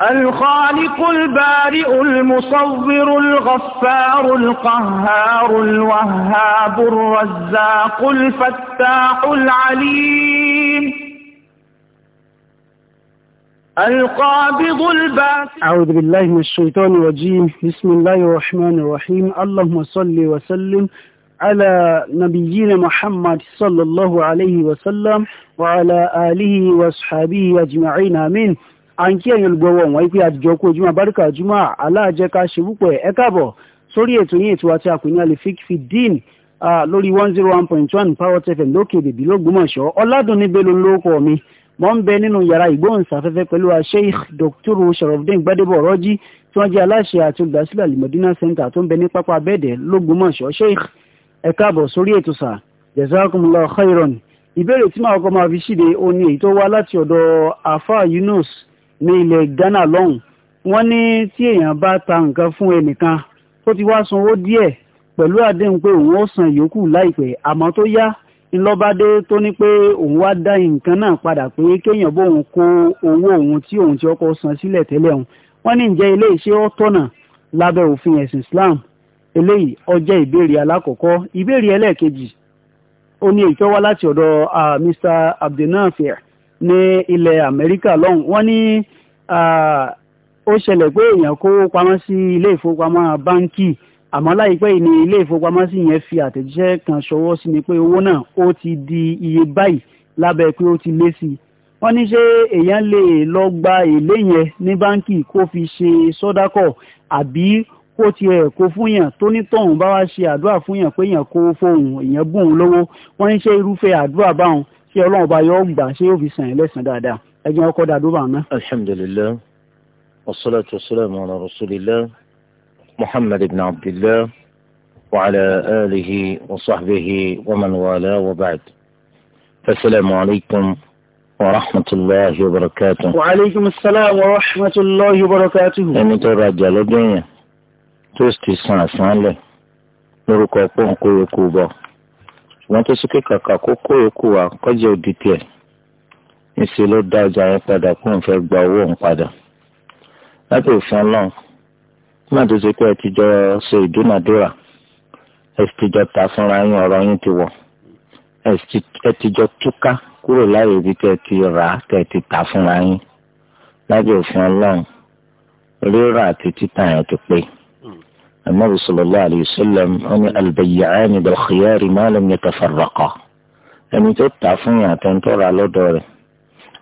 الخالق البارئ المصور الغفار القهار الوهاب الرزاق الفتاح العليم القابض الباسط أعوذ بالله من الشيطان الرجيم بسم الله الرحمن الرحيم اللهم صل وسلم على نبينا محمد صلى الله عليه وسلم وعلى آله وأصحابه أجمعين آمين à ń kí ẹ̀yin olùgbọ́wọ́ wọn pé àtijọ́ kó ojúmọ́ abáríkà ojúmọ́ aláàjẹká ṣerúpọ̀ ẹ̀ káàbọ̀ sórí ètò yín ètò àti àpèní alifik fi dín lórí one zero one point one power tfm lókè bèbí lógbómọ̀ṣọ́ ọ̀làdùnní bello lórúkọ mi mọ́ ń bẹ nínú yàrá ìgbóhùnsáfẹ́fẹ́ pẹ̀lú sheikh dr sharafdin gbadebo ọ̀rọ́jì tí wọ́n jẹ́ aláṣẹ àti olùdásílẹ̀ alimọ̀dínà center tó ń bẹ ní pápá abẹ́ẹ̀dẹ̀ lógbómọ̀ṣọ́ sheikh ẹ káàbọ̀ sórí ètò sà jazakumullahu khairan ìbéèrè tí màá kọ́ máa fi ṣíde òní èyí tó wá láti ọ̀dọ̀ afa yunus ní ilẹ̀ Ghana lọ́hùn wọ́n ní tí èèyàn bá ta nǹkan fún ẹnìkan tó ti wá sanwó díẹ̀ pẹ̀lú àdéhùn pé òun ó san yòókù láìpẹ́ àmọ́ tó yá ńlọ́bádé tó ní pé òun wá dá nǹkan náà padà pé kéèyàn bóun kó owó òun tí òun ti ọkọ̀ san sílẹ̀ tẹ́lẹ̀ òun wọ́n ní ǹjẹ́ ilé iṣẹ́ ọ̀tọ̀nà lábẹ́ òfin ẹ̀sìn Islam eléyìí ọjẹ́ ìbéèrè alákọ̀ọ́kọ́ ìbéèrè ẹlẹ́ẹ̀kejì ó ní èyí tó wá láti ọ̀dọ̀ ah, Mr Abdulnaafir ní ilẹ̀ Amẹ́ríkà lọ́hùn wọ́n ní ó ṣẹlẹ̀ pé èèyàn kó pamọ́ sí ilé ìfowópamọ́ báńkì àmọ́ láìpẹ́ yìí ni ilé ìfowópamọ́ sí yẹn fi àtẹ̀jíṣẹ́ kan ṣọwọ́ sí ni pé owó náà ó ti di iye báyìí lábẹ́ pé ó ti lé sí i wọ́n ní ṣé èèyàn lè lọ gba èlé yẹn ní báńkì kó fi ṣe sọ́dákọ̀ àbí kó tiẹ̀ kó fún yàn tó ní tọ̀hún bá wá ṣe àdúrà fún yàn pé yàn kó fóun èèyàn bùn lówó wọ́n ní ṣé irúfẹ́ àdúrà báwọn ṣé ọlọ́run ọba yóò gbà ṣé yóò fi sàn ẹ́ lẹ́sàn dáadáa ẹjọ́ ọkọ̀ dàdú bá ná. alhamdulilayi wasalaatu wasalaamu ala rasulillah muhammad ibn abdillah wa ala alihi wa sahbihi wa man wala wa ba'd fasalaamu alaykum wa rahmatulahi wa salaam wa rahmatulahi ẹni tó rajà lọ́dún yẹn tó sì san àsánlẹ̀ lórúkọ pọ́ńkó yẹ kó bọ̀ wọn tó sókè kàkà kó kó èkó wa kọjá òdì tiẹ̀ níṣẹ́ ló dá ọjà yẹn padà kó n fẹ́ gba owó òun padà láti òfin Ọlọ́run nígbà tó ṣe pé ẹ ti jọ ṣe ìdúnàdúrà ẹ ti jọ ta fúnra yín ọ̀rọ̀ yín ti wọ̀ ẹ ti jọ túká kúrò láyé ibi tẹ́ ti rà á tẹ́ ti ta fúnra yín láti òfin Ọlọ́run rírà àti títà yẹn ti pé. النبي صلى الله عليه وسلم أن البيعان بالخيار ما لم يتفرقا ẹni tó ta fún yàn àtẹni tó ra lọ́dọ̀ rẹ̀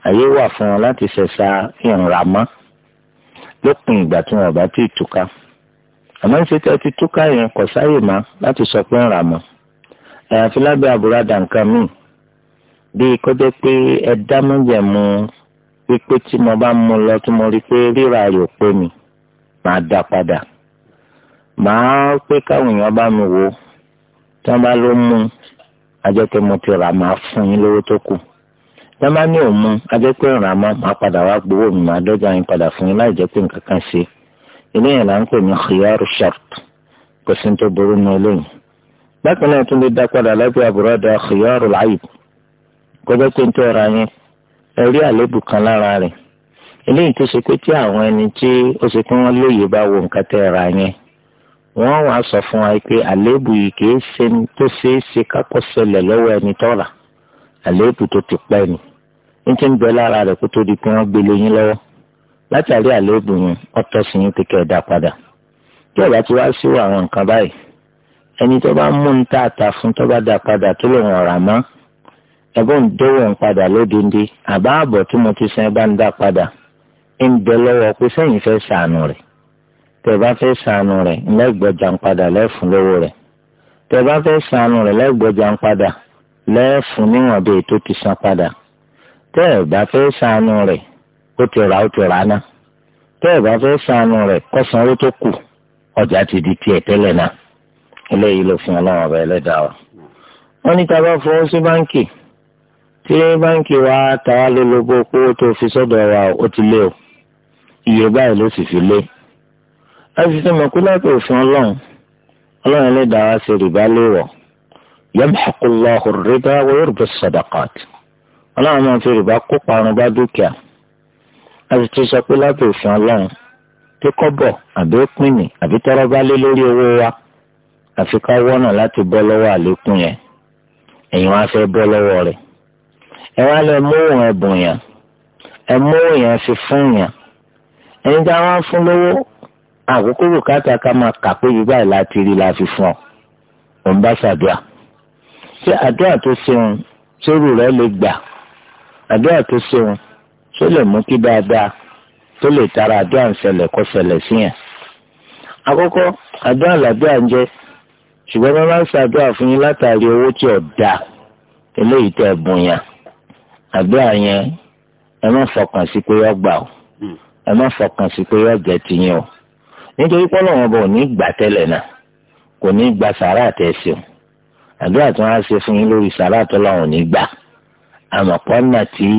àyè wà fún wọn láti ṣẹ̀ṣà ìrànmá lópin ìgbà tí wọn bá ti túká àmọ́ ń ṣe tí a ti túká yẹn kò sáyè má láti sọ pé ìrànmọ́ àyàfi lábẹ́ àbúradà nǹkan míì bíi kọjá pé ẹ dá mọ́jẹ̀mú wípé tí mo bá mú lọ tí mo rí pé rírà yóò pé mi màá dá padà màá pé káwọn èèyàn bá mi wò ó tí wọ́n bá ló mú un ajẹ́pẹ́ mo ti rà máa fún yín lówó tó kù tí wọ́n bá ní òun mú ajẹ́pẹ́ rà máa máa padà wá gbowó mi máa dọ́jà yín padà fún yín láì jẹ́ pé nǹkan kan ṣe eléyìí là ń pè ní khiyaru shart kò sí tó burú ní eléyìí bákan náà tún lè dá padà lábẹ́ àbúrò ọ̀dọ̀ khiyaru kó jẹ́ pé tó ra yín ẹ̀rí àlébù kan lára rẹ̀ eléyìí tó ṣe pé tí àwọn ẹni tí ó ṣe pé wọ́n lóye bá wo nǹkan tẹ́ ra yẹn wọ́n wá sọ fún wa pé àléébù yìí kìí ṣe ni tó ṣeé ṣe kákọ́ ṣẹlẹ̀ lọ́wọ́ ẹni tọ́ra àléébù tó ti pẹ́ ni ní ti ń bẹ lára rẹ̀ kó tó di pé wọ́n gbélé yín lọ́wọ́ látàrí àléébù yẹn ọtọ́ sí yín kékeré dá padà tí ọ̀gá ti wá sí àwọn nǹkan báyìí ẹni tó bá mú un tá a ta fún tó bá dá padà tó lè wọ̀n rà mọ́ ẹ̀bùn dówó ń padà lódindi àbá àbọ̀ tí mo ti sẹ́ tẹ́ bá fẹ́ sànù rẹ̀ lẹ́gbẹ̀jà ń padà lẹ́fun lówó rẹ̀ tẹ́ bá fẹ́ sànù rẹ̀ lẹ́gbẹ̀jà ń padà lẹ́fun níwọ̀n bíi tó ti san padà tẹ́ bá fẹ́ sànù rẹ̀ ó ti rà ó ti rà ná tẹ́ fẹ́ sànù rẹ̀ kọ́sanwó tó kù ọjà ti di tiẹ̀ tẹ́lẹ̀ náà eléyìí ló fi ọlọ́run ọba ẹlẹ́dàá wa. wọ́n ní tá a fọwọ́ sí báǹkì tí báǹkì wa ta wá lólobó owó tó fi sọ́dọ̀ wa ó ti lé o iye báyìí ló sì fi lé o láti ṣe mọ̀ pé lábẹ́ òfin ọlọ́run ọlọ́run lè dá wa ṣe rìbá léwọ̀ yamhaqu Allahu ar-riba wa yurbi as-sadaqat ọlọ́run máa fi rìbá kó parun bá dúkìá láti tún sọ pé lábẹ́ òfin ọlọ́run tí kọ́bọ̀ àbí pínì àbí tọ́rọ́ bá lé lórí owó wa àfi ká wọ́nà láti bọ́ lọ́wọ́ àlékún yẹn èyí wá fẹ́ bọ́ lọ́wọ́ rẹ̀ ẹ wá lọ mọ́wọ́n ẹ̀bùn yẹn ẹ mọ́wọ́n yẹn fi fún yẹn ẹni tí a wá fún lówó àkókò bùkátà ká máa kà pé yìí báyìí láti rí la fi fún ọ òun bá ṣàdúrà ṣé àdúrà tó ṣeun sórí rẹ lè gbà àdúrà tó ṣeun tó lè mú kí dáadáa tó lè tara àdúrà ń ṣẹlẹ̀ kó ṣẹlẹ̀ sí yẹn àkọ́kọ́ àdúrà làdúrà ń jẹ́ ṣùgbọ́n wọ́n ń ṣàdúrà fún yín látàrí owó tí ò da eléyìí tẹ̀ bùn yàn àdúrà yẹn ẹ má fọkàn sí pé yọ gbà o hmm. ẹ má fọkàn sí pé yọ jẹ tiyín o nítorí pọ́nlọ́ wọn bọ̀ ní gbà tẹ́lẹ̀ náà kò ní gba sàrà àtẹ̀sí o àdúrà tí wọ́n á ṣe fún yín lórí sàrà tó lọ́wọ́ ní gbà àmọ́ pọ́nà tí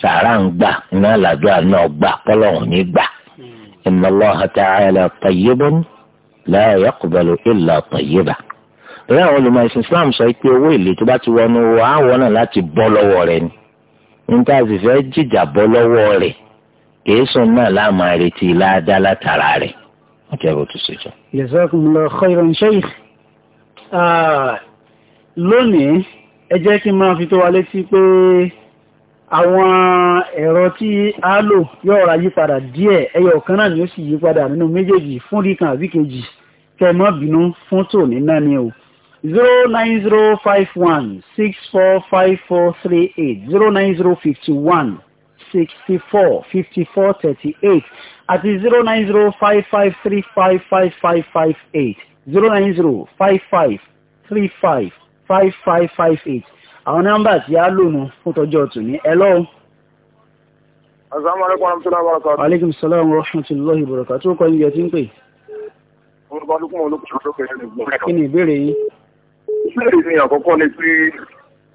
sàrà ń gbà iná làdúrà náà gbà pọ́lọ́wọ́ ní gbà inna Allaha ta'ala tayyibun la yaqbalu illa tayyiba ìyá àwọn olùmọ̀ ìsìn Islam sọ pé owó èlé tó bá ti wọnú wọ àwọn náà láti bọ́ lọ́wọ́ rẹ̀ ni jẹ́ bó go to jọ. Yes, sir. sheikh ah, lónìí ẹ jẹ́ kí n máa fi tó wa létí pé àwọn ẹ̀rọ tí a lò yóò ra yípadà díẹ̀ ẹyọ kan náà ni ó sì yípadà nínú méjèèjì fún ríkan àbí kejì kẹ́ má bínú fún tòní náà ni o zero nine zero five one six four five four three eight zero nine zero fifty one sixty four fifty four thirty eight àti zero nine zero five five three five five five eight zero nine zero five five three five five five eight àwọn nọ́mbà tí a lò nù fún tọ́jú ọ̀tún ní ẹ lọ́wọ́. asalaamualeykum warahmatulahi wabarakatuh. aleykum salaam wa rahmatulahi wa barakatuh. tó kọ́ iye tí ń pè. orúkọ ọdún kúmọ̀ olókùn tó kéré ní ìgbọ́. kí ni ìbéèrè yìí. ìbéèrè mi àkọ́kọ́ ni pé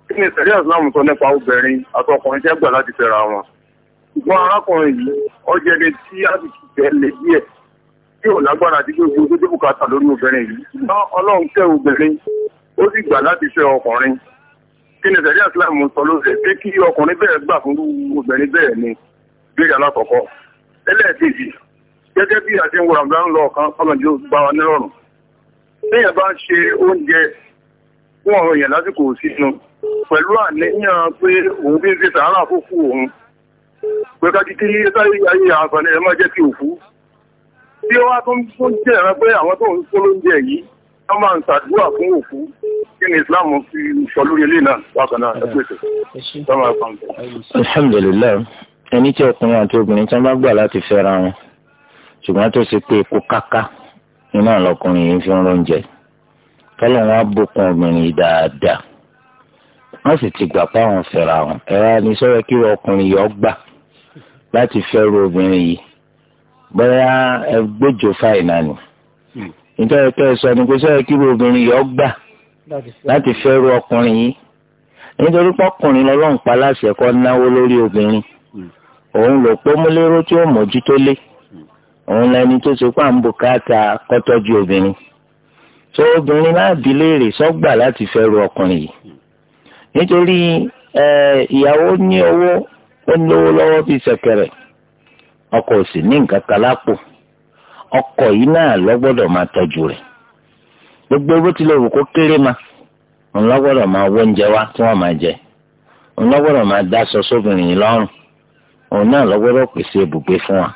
kí ni sẹ́rí àsìlámù sọ nípa obìnrin àti ọkùnrin tẹ́ gbà láti fẹ́ra wọn ṣùgbọ́n arákùnrin yìí ọjọ́ ẹni tí a ti ti tẹ̀lé díẹ̀ tí ò lágbára àti gbogbo tó dé bùkátà lórí obìnrin yìí ṣùgbọ́n ọlọ́run fẹ́ obìnrin ó sì gbà láti fẹ́ ọkùnrin kí ni sẹ́dí àsìláàmù sọ lóṣẹ̀ pé kí ọkùnrin bẹ́ẹ̀ gbà fún obìnrin bẹ́ẹ̀ ni gbéga lákọ̀ọ́kọ́ ẹlẹ́ẹ̀kejì gẹ́gẹ́ bí àti ìwòrán bá ń lọ ọ̀kan ọlọ́jọ́ bá wa nírọ̀rùn téèyàn bá ń ṣe oúnjẹ fún ọ̀rọ̀ èèyàn lásìkò sínú pẹ̀lú àníyàn pé òun bí ń ṣe sàárà fófú òun pé ká kíkí ní sáré ayé àǹfààní ẹ̀ má jẹ́ kí òfú tí ó wá tó ń tó ń jẹ́ ẹ̀rọ pé àwọn tó ń kó lóúnjẹ yìí wọ́n máa ń ṣàdúrà fún òfú kí ni Islam fi sọ lórí ilé náà bákan náà ẹ pèsè sọ́mà ẹ̀fọn. alhamdulilayi ẹni tí ọkùnrin àti obìnrin tí wọ́n bá gbà láti fẹ́ra wọn ṣùgbọ́n tó ṣe pé epo káká iná lọkùnrin yìí fi ń róúnjẹ kọ́lọ́ wọn á bókun obìnrin yìí dáadáa wọ́n sì ti gbà pé àwọn fẹ́ra wọn ẹ̀rọ ni sọ́wọ́ kí ọkùnrin yìí ọ gbà láti fẹ́rù obìnrin yìí bóyá ẹgbẹ́jọ fáìnà ni hmm. nítorí pé sọ ni kò sẹ́yìn kí obìnrin yìí ọ gbà láti fẹ́rù ọkùnrin yìí nítorí pọ́kùnrin lọ́lọ́run pa láṣẹ kọ́ náwó lórí obìnrin hmm. òun lò pé O tí ó to lé hmm. òun lẹni tó ṣe pà ń bùkátà kọ́tọ́jú obìnrin tó obìnrin náà léèrè sọ́gbà láti fẹ́rù ọkùnrin yìí nítorí ó lówó lọ́wọ́ bíi ṣẹ̀kẹ̀rẹ̀ ọkọ ò sì ní nǹkan kan lápò ọkọ yìí náà lọ máa tọ́jú rẹ̀ gbogbo owó tí lè kó kéré ma òun lọ máa wọ oúnjẹ wa tí wọ́n máa jẹ òun lọ gbọ́dọ̀ máa dáṣọ sóbìnrin yìí lọ́rùn òun náà lọ gbọ́dọ̀ pèsè ibùgbé fún wa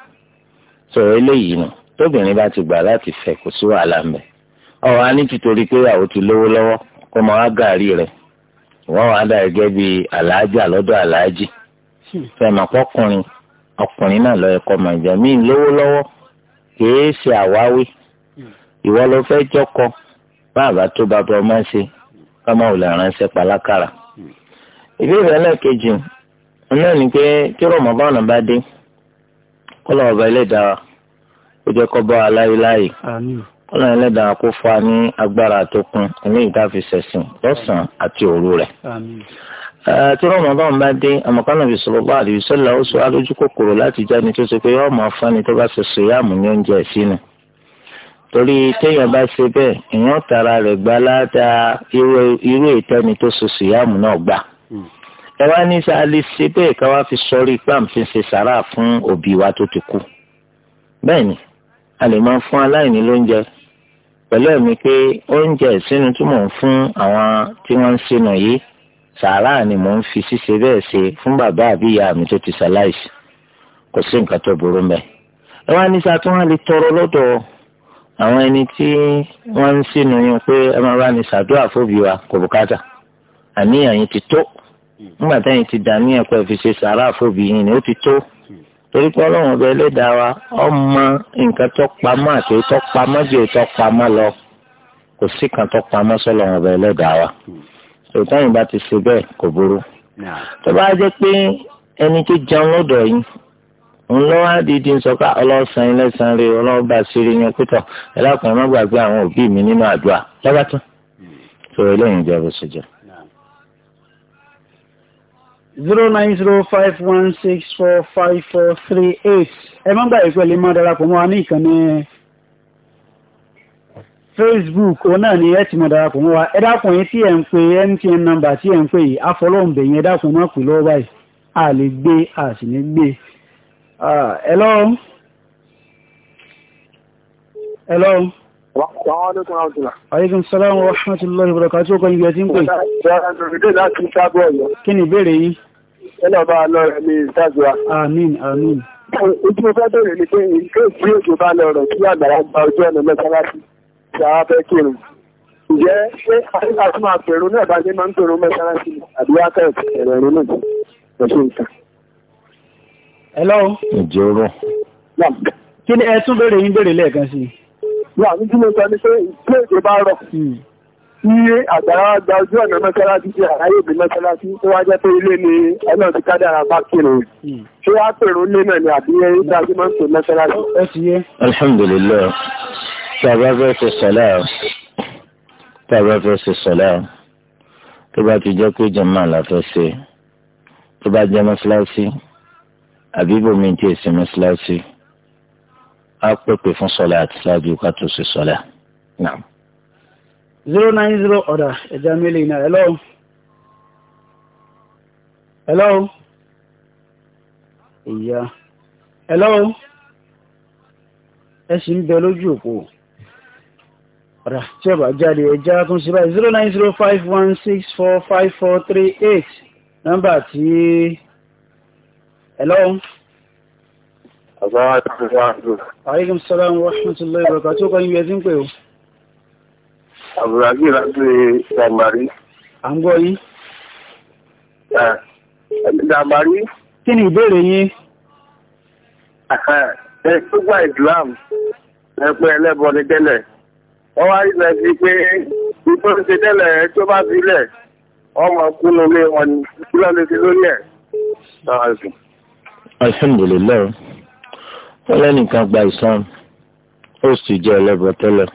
sọ̀rọ̀ eléyìí nù tóbìnrin bá ti gbà láti fẹ́ kò sí wàhálà ń bẹ ọ̀rọ̀ á ní títorí pé àwọn ti lówó lọ́wọ́ kó máa wá gàárì rẹ̀ wọ́n wàá dà bíi àlàájì àlọ́dọ̀ àlàájì fẹmọ ọkùnrin ọkùnrin náà lọ ẹkọ màjà míì miin kìí ṣe àwáwí ìwọ ló fẹ́ jọkọ bàbá tó bàbá ọmọ ṣe kámá ò lè ránṣẹ́ pàlákàrà ìbéèrè ẹlẹ́ẹ̀kejì náà ni pé tí rọmọbọnà bá dé kọlọ ẹlẹ́dàá jẹ́ kó bá wa láyé láyè kọlọ ẹlẹ́dàá kó fún ní agbára tó kún ní ìdáfi ṣẹ̀sìn tí rọmọdún bá dé àmọkànnà bí sọlọgbà àdìsọlá ó sọ alójú kòkòrò láti jáde tó ṣe pé yọọ mọ fani tó bá ṣe sòyàmù ní oúnjẹ sínú torí téèyàn bá ṣe bẹ́ẹ̀ èèyàn tara rẹ̀ gbá ládàá irú ìtẹni tó ṣe sòyàmù náà gbà ẹ wá ní sá lè ṣe bẹ́ẹ̀ ká wá fi sọrí pàǹfin ṣe sàrà fún òbí wa tó ti kú bẹ́ẹ̀ ni a lè máa fún aláìní lóúnjẹ pẹ̀lú ẹ̀mí pé oúnjẹ ìsínú tí fún àwọn tí wọ́n ń sínú yìí sàárà ni mò ń fi ṣíṣe bẹ́ẹ̀ ṣe fún bàbá àbí ìyá mi tó ti ṣaláìsí kò sí nǹkan tó burú mẹ́. ẹ wá ní sá tí wọ́n lè tọrọ lọ́dọ̀ àwọn ẹni tí wọ́n ń sínú yín pé ẹ máa bá ní sàdúrà fóbi wa kò bùkátà àníyàn yín ti tó nígbà táyìn ti dà ní ẹ̀kọ́ ìfi ṣe sàárà fóbi yín ni ó ti tó torí pé ọlọ́run ọba ẹlẹ́dàá wa ọmọ nǹkan tó pamọ́ àti tó pamọ́ jù tó pamọ́ lọ kò sí kan tó pamọ́ sọ́lọ́run ọba ẹlẹ́dàá wa sọtáyìn bá ti ṣe bẹ́ẹ̀ kò burú. tó bá jẹ́ pé ẹni tó jẹun lọ́dọ̀ yìí òun lọ́wọ́ àdídì ń sọ pé ọlọ́sàn ilé san rè ọlọ́ba sírí yẹn pẹ́tọ̀ ẹlẹ́kùnrin má gbàgbé àwọn òbí mi nínú àdúrà lọ́ba tán. Hmm. eléyìí jẹ́ bó ṣe jẹ́. zero nine zero five one six four five four three eight ẹ má gbàgbé pẹ̀lú mọ́ darapọ̀ mọ́ wa ní ìkànnì facebook òun náà ni ẹ ti mọ̀ darapọ̀ mọ́ wa ẹ dákun yín tí ẹ̀ ń pe mtn number tí ẹ̀ ń pè yìí afọlọ́ǹbẹ̀ yẹn dákun náà pè lọ́wọ́ báyìí a lè gbé a sì ní gbé. hello. hello. aleykum salaam wa rahmatulahi wa barakatuh kò ní ibi ẹ ti ń pè. kí ni ìbéèrè yìí. ẹ lọ lọ rẹ ní ìtajùwa. àmín ojú ọjọ́ bẹ̀rẹ̀ ni pé nǹkan òjò bá lọ rọ̀ kí àgbàrá ojú ọ̀nà mẹ́ta láti ṣe àwọn afẹ́ kírun ǹjẹ́ ṣé àyíká tó máa pèrò náà bá ṣe máa ń pèrò mẹ́sàrásì àbí wákà ẹ̀rọ ẹ̀rọ náà lọ sí ìta. hello. ǹjẹ́ o rọ. kí ni ẹ tún béèrè yín béèrè lẹ́ẹ̀kan sí i. wà á ní kí ló sọ ni pé ìpínlẹ̀ èdè bá rọ̀ tí hmm. àgbàrá gba ojú ọ̀nà mọ́sálásí tí àráyè bí mọ́sálásí tó wá jẹ́ pé ilé ni ẹ̀nà ti kádàrà bá kírun hmm. ṣé wàá pèrò lé náà ni àbí ẹ̀yìn tí a ti máa ń pè mọ́sálásí. alhamdulilayi tí a bá fẹ́ ṣe sọ̀lá tí a bá fẹ́ ṣe sọ̀lá tó bá ti jẹ́ pé jàmáà la fẹ́ ṣe tó bá jẹ́ mọ́ṣáláṣí àbí bòmí tí èsì mọ́ṣáláṣí á pèpè fún sọ̀lá àti ṣáájú ká tó ṣe sọ̀lá. zero nine zero ọ̀dà ẹ̀já mílíọ̀nù náà hello. hello. ìyá hello ẹ sì ń bẹ lójú òpó ọ̀rà tí ọba jáde ẹja tún ṣe báyìí zero nine zero five one six four five four three eight nọ́mbà tí hello. aleykum salaam wa rahmatulahi wa barakatuh kọ́ ibi ẹtí ń pè o. àbúrágì láti dàmàrí. à ń gbọ́ yín. dàmàrí. kí ni ìbéèrè yín. ẹ ṣùgbọ́n islam ẹ pé ẹlẹ́bọ ni tẹ́lẹ̀ wọ́n wá rí bẹ́ẹ̀ sí pé ipò ṣe tẹ́lẹ̀ tó bá sílẹ̀ ọmọ kúnnú lé wọn ni kí ló lè ṣe lórí ẹ̀. alhamdulilayi wọn lẹ́nìkan gba islam ó sì jẹ́ ẹlẹ́bọ tẹ́lẹ̀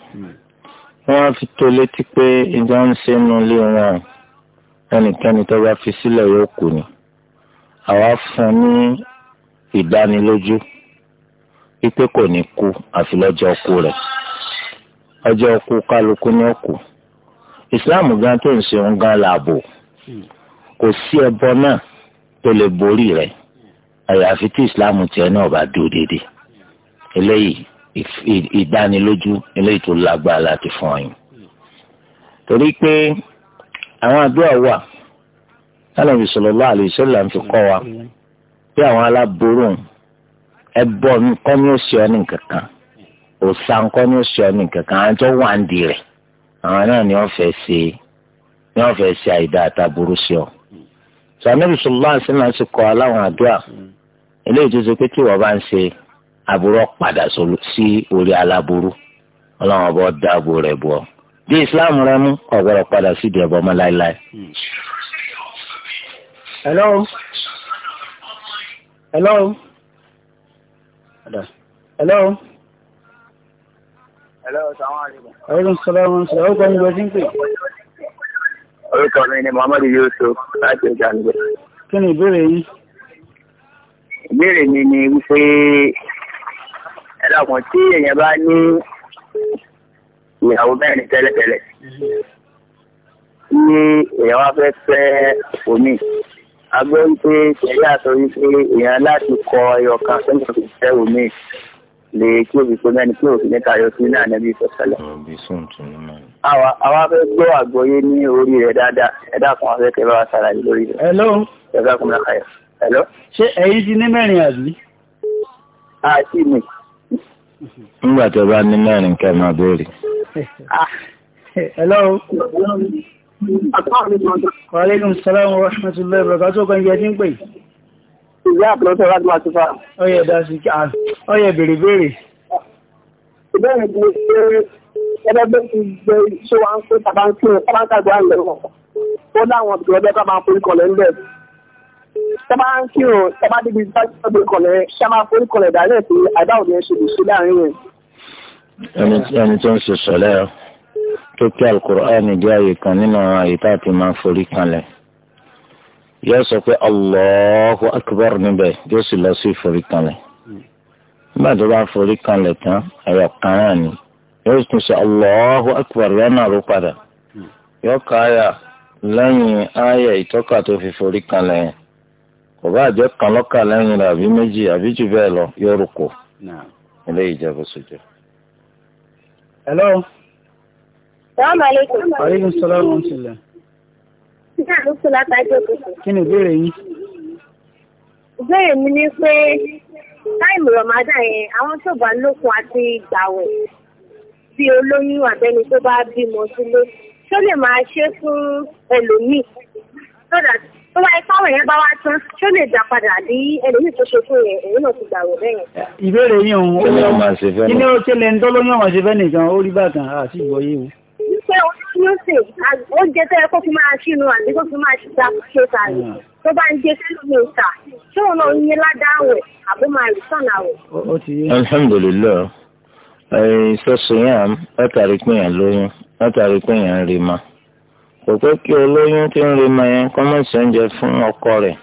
wọ́n á fi tó létí pé ìjọ ń ṣe nu lé wọn ẹnikẹ́ni tó bá fi sílẹ̀ yóò kú ni àwa fún ní ìdánilójú wípé kò ní kú àfi lọ́jọ́ kú rẹ̀ ọjọ́ ọkú kálukú ní ọkù ìsìláàmù gan tó ń ṣe ń gan làbò kò sí ẹbọ náà tó lè borí rẹ̀ àyàfi tí ìsìláàmù tiẹ̀ náà bá dúró déédéé eléyìí ìdánilójú eléyìí tó lágbára láti fún ọyìn torí pé àwọn àdúrà wà lánàbì sallallahu alaihi wasallam ń fi kọ́ wa bí àwọn aláboró ẹbọ nǹkan ni ó ṣe ọ kan òsànkọ́ ní oṣù ọ̀nì kankan àwọn tó wà ń di rẹ̀ àwọn náà ni wọ́n fẹ́ ṣe ni wọ́n fẹ́ ṣe àìdá àtàbúrú sí ọ. sàmìlì sọlá sílẹ̀ ti kọ́ aláwọn àdúrà eléyìí tó ṣe pé tí wọ́n bá ń ṣe àbúrò padà sí orí aláburú ọlọ́wọ́n bọ́ dáàbò rẹ̀ bọ́ bí islam rẹ mú ọ̀gbọ́dọ̀ padà sí ìdí ẹ̀bọ ọmọ láéláé. hello hello hello. Ẹ̀rùn sọ́lọ́run sọ, ó gbọ́ nígbẹ́ jíǹkì. Orúkọ mi ni Muhammad Yusuf láti Ìjàngbẹ̀. Kí ni ìbéèrè yìí? Ìbéèrè mi ni wípé ẹ̀dàkùn tí èèyàn bá ní ìyàwó mẹ́rin tẹ́lẹ̀tẹ́lẹ̀. Ní èèyàn wá fẹ́ fẹ́ omi. A gbọ́ wípé ṣẹ̀yà sọ wípé èèyàn láti kọ ẹyọ kan sẹ́yìn fẹ́ omi le kí òbí pé mẹ́ni pé òfin níta yọ sí ní ànábì ìfọ̀sẹ́lẹ̀. àwa àwa fẹ́ gbọ́ àgbọ́yé ní orí rẹ̀ dáadáa ẹ̀dá kan fẹ́ kẹ́ bá wa ṣàlàyé lórí rẹ̀. hello. ẹ̀dá kan náà kàyọ̀. hello. ṣé ẹ̀yin ti ní mẹ́rin àbí. a ti mì. nígbà tó bá ní mẹ́rin kẹ́ máa béèrè. Ah. hello. aleykum salaam wa rahmatulahi wa barakatuh kan yẹ ti pè ìyá àpòlọ́sẹ̀ láti máa ti fa. ọyẹ dasí ọyẹ bèrè bèrè. ìbéèrè mi ṣe ẹgbẹ́ bẹ́ẹ̀ ti gbé ṣé wàá ń pè tàbá ń kí wọn tàbá ń kàgbé àlẹ́ wọn. ó láwọn ìpìlẹ̀ bẹ́ẹ̀ bá máa forí kọlẹ̀ ńbẹ̀. tàbá ń kí wọn tàbá débi forí kọlẹ̀ ṣá máa forí kọlẹ̀ dálẹ̀ sí àdá òní ẹ̀ ṣe lè ṣe láàrin yẹn. ẹni tó ń ṣe sọ̀lẹ́ tó kí Al-Qur'ani àmì yóò sọ pé Allahu akbar níbẹ̀ yóò sì lọ sí ìforíkanlẹ̀ nígbà tó bá foríkanlẹ̀ tán kan náà ni yóò tún sọ Allahu akbar yóò náà ló padà yóò ká àyà lẹ́yìn àyà ìtọ́ka tó fi foríkanlẹ̀ yẹn kò bá àjẹ́ kan lọ́kà lẹ́yìn rẹ̀ àbí méjì àbí jù bẹ́ẹ̀ lọ yóò rò kó ilé ìjẹ́bù sójú. Kí ni ìbéèrè yín? Ìbéèrè mi ni pé táìmù Ramadan yẹn àwọn tó bá lókun àti ìgbàwẹ̀ bí olóyún àbẹ́ni tó bá bímọ sílé tó lè máa ṣe fún ẹlòmíì tó dà tó bá ipá wẹ̀yẹn bá wá tán tó lè dà padà bí ẹlòmíì tó ṣe fún yẹn èyí náà ti gbàwẹ̀ bẹ́yẹn. Ìbéèrè yín òun ó ní ó ṣẹlẹ̀ ń tọ́lóyún ọ̀hún ṣe fẹ́ nìkan ó rí bàtàn àti ìwọ́yé o wípé oyún ṣe oúnjẹ tó yẹ kó fi máa ṣínú àti kó fi máa ṣiṣẹ́ àkókò tààrí hmm. tó bá ń jẹ sẹ́lómi ìta ṣé òun náà yín ládáwẹ̀ àbó máa rí sọ̀nà àwẹ̀. alhamdulilayi ìṣọ́sùn yẹn látàrí pé yẹn lóyún látàrí pé yẹn ń rí ma kò pé kí olóyún tí ń rí ma yẹn kọ́mọ̀sì oúnjẹ fún ọkọ rẹ̀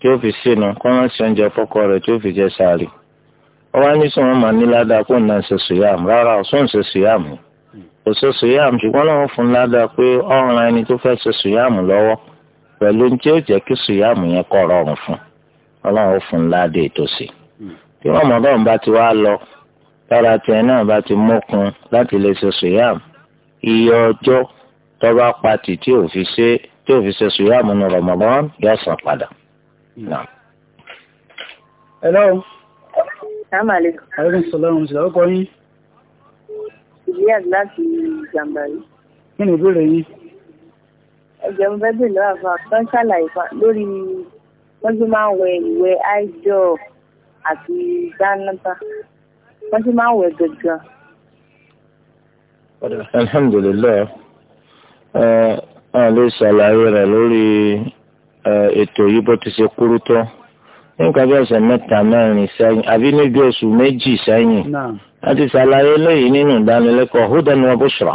tí ó fi sínú kọ́mọ̀sì oúnjẹ fọ́kọ rẹ̀ tí ó fi jẹ sáré ọwọ́ á ní sọ wọn ní ládàá kó náà ṣe sùyàmù rárá ọ̀sùn ṣe sùyàmù kò ṣe sùyàmù ṣùgbọ́n lọ́wọ́ fún ládàá pé ọ̀ràn ẹni tó fẹ́ ṣe sùyàmù lọ́wọ́ pẹ̀lú ní tí ó jẹ́ kí sùyàmù yẹn kọ̀ rọrùn fún ọlọ́wọ́ fún ládàá ètòsí. tí rọmọdọ́n bá ti wá lọ tára tiẹ̀ náà bá ti mókun láti lè ṣe sùyàmù iye ọjọ́ tó bá pati tí ò fi ṣe tí ò fi ṣe sùyàmù ní rọmọdọ́n yóò san padà. Hello. Assalamu alaikum. Aleykum salaam wa Juliet láti Jàǹbàrí. Kí ni ìbéèrè yìí? Ẹ̀jẹ̀ mo fẹ́ bèèrè lọ́wọ́ àfa kan ṣàlàyé lórí wọ́n ti máa ń wẹ ìwẹ̀ àìjọ àti dánáta. Wọ́n ti máa ń wẹ̀ gẹ̀gẹ̀. Alhamdulilayi, a lè ṣàlàyé rẹ̀ lórí ètò yìí bó ti ṣe kúrú tó. Ní nǹkan bí ọ̀sẹ̀ mẹ́ta mẹ́rin sẹ́yìn, àbí níbi oṣù méjì sẹ́yìn láti ṣàlàyé lẹ́yìn nínú ìdánilẹ́kọ̀ọ́ hudan wa bushra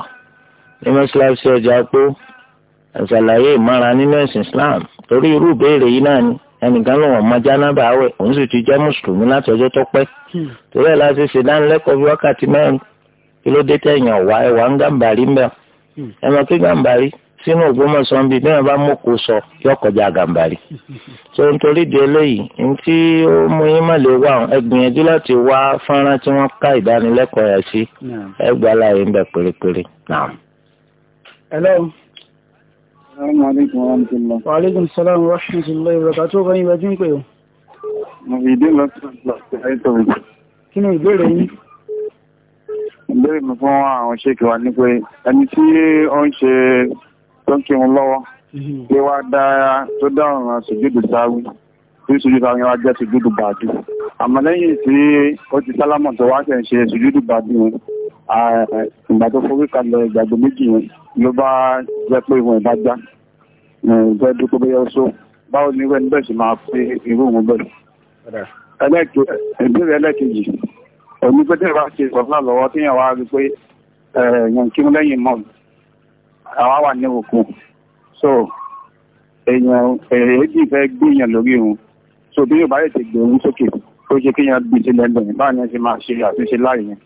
ní mọ́ṣáláṣí ọjà pé ṣàlàyé ìmára nínú ẹ̀sìn islam torí irú ìbéèrè yìí náà ni ẹnìkan ló wọ́n mọ jánábà àwẹ̀ òun sì ti jẹ́ mùsùlùmí láti ọjọ́ tó pẹ́ torí ẹ̀ láti ṣe ìdánilẹ́kọ̀ọ́ bí wákàtí mẹ́rin kí ló dé tẹ̀yìn ọ̀wá ẹ̀wà ń gàǹbàrí ń bẹ̀ kí gàǹbàrí sínú Ògbómọ̀ṣọ́ níbi tí wọn bá mọkò sọ yọ kọjá gàmbàrí tó nítorí di eléyìí ntí ó mú yín má lè wá ẹ gbìyànjú láti wá fọ́nrán tí wọ́n ká ìdánilẹ́kọ̀ọ́ yẹn sí ẹ gbà ń bẹ pérépéré hello. salaamaleykum wa rahmatulah. wa aleykum salaam wa rahmatulah ìrọ̀ká tó kọ́ yín bá dín pé o. mo fi ìdí lọ sí ọ̀sán àìsàn mi. kí ni ìbéèrè yín ìbéèrè mi fún àwọn ṣèkì wa ni pé ẹni tí ó ń ṣe tó ń kírun lọ́wọ́ lé mhm. wá dára tó dá ọ̀ràn sùjúdù sáwí tí sùjúdù sáwí wá jẹ́ sùjúdù bàdù àmọ́ lẹ́yìn tí ó ti sálámọ̀ tó wá ṣẹ̀ ń ṣe sùjúdù bàdù yẹn ìgbà tó forí kalẹ̀ ìgbàgbé méjì yẹn ló bá jẹ́ pé ìwọ̀n ìbá já ìgbẹ́ dúpọ̀ bóyá ó só báwo ni ìwé níbẹ̀ sì máa pé irú òun bẹ́ẹ̀. ìbéèrè ẹlẹ́kejì òní pé tí ìbá ṣe ìsọ̀fúnà lọ́wọ́ tíyàn wá rí pé èèyàn kírun àwa wà ní òkun so èèyàn èrè sì fẹ́ gbìyàn lórí òun so bí yóò bá lè ti gbé òun sókè ó ṣe kéèyàn gbé sílẹ̀ lẹ́yìn báwo ni wọ́n ṣe máa ṣe àtúnṣe láàyè yẹn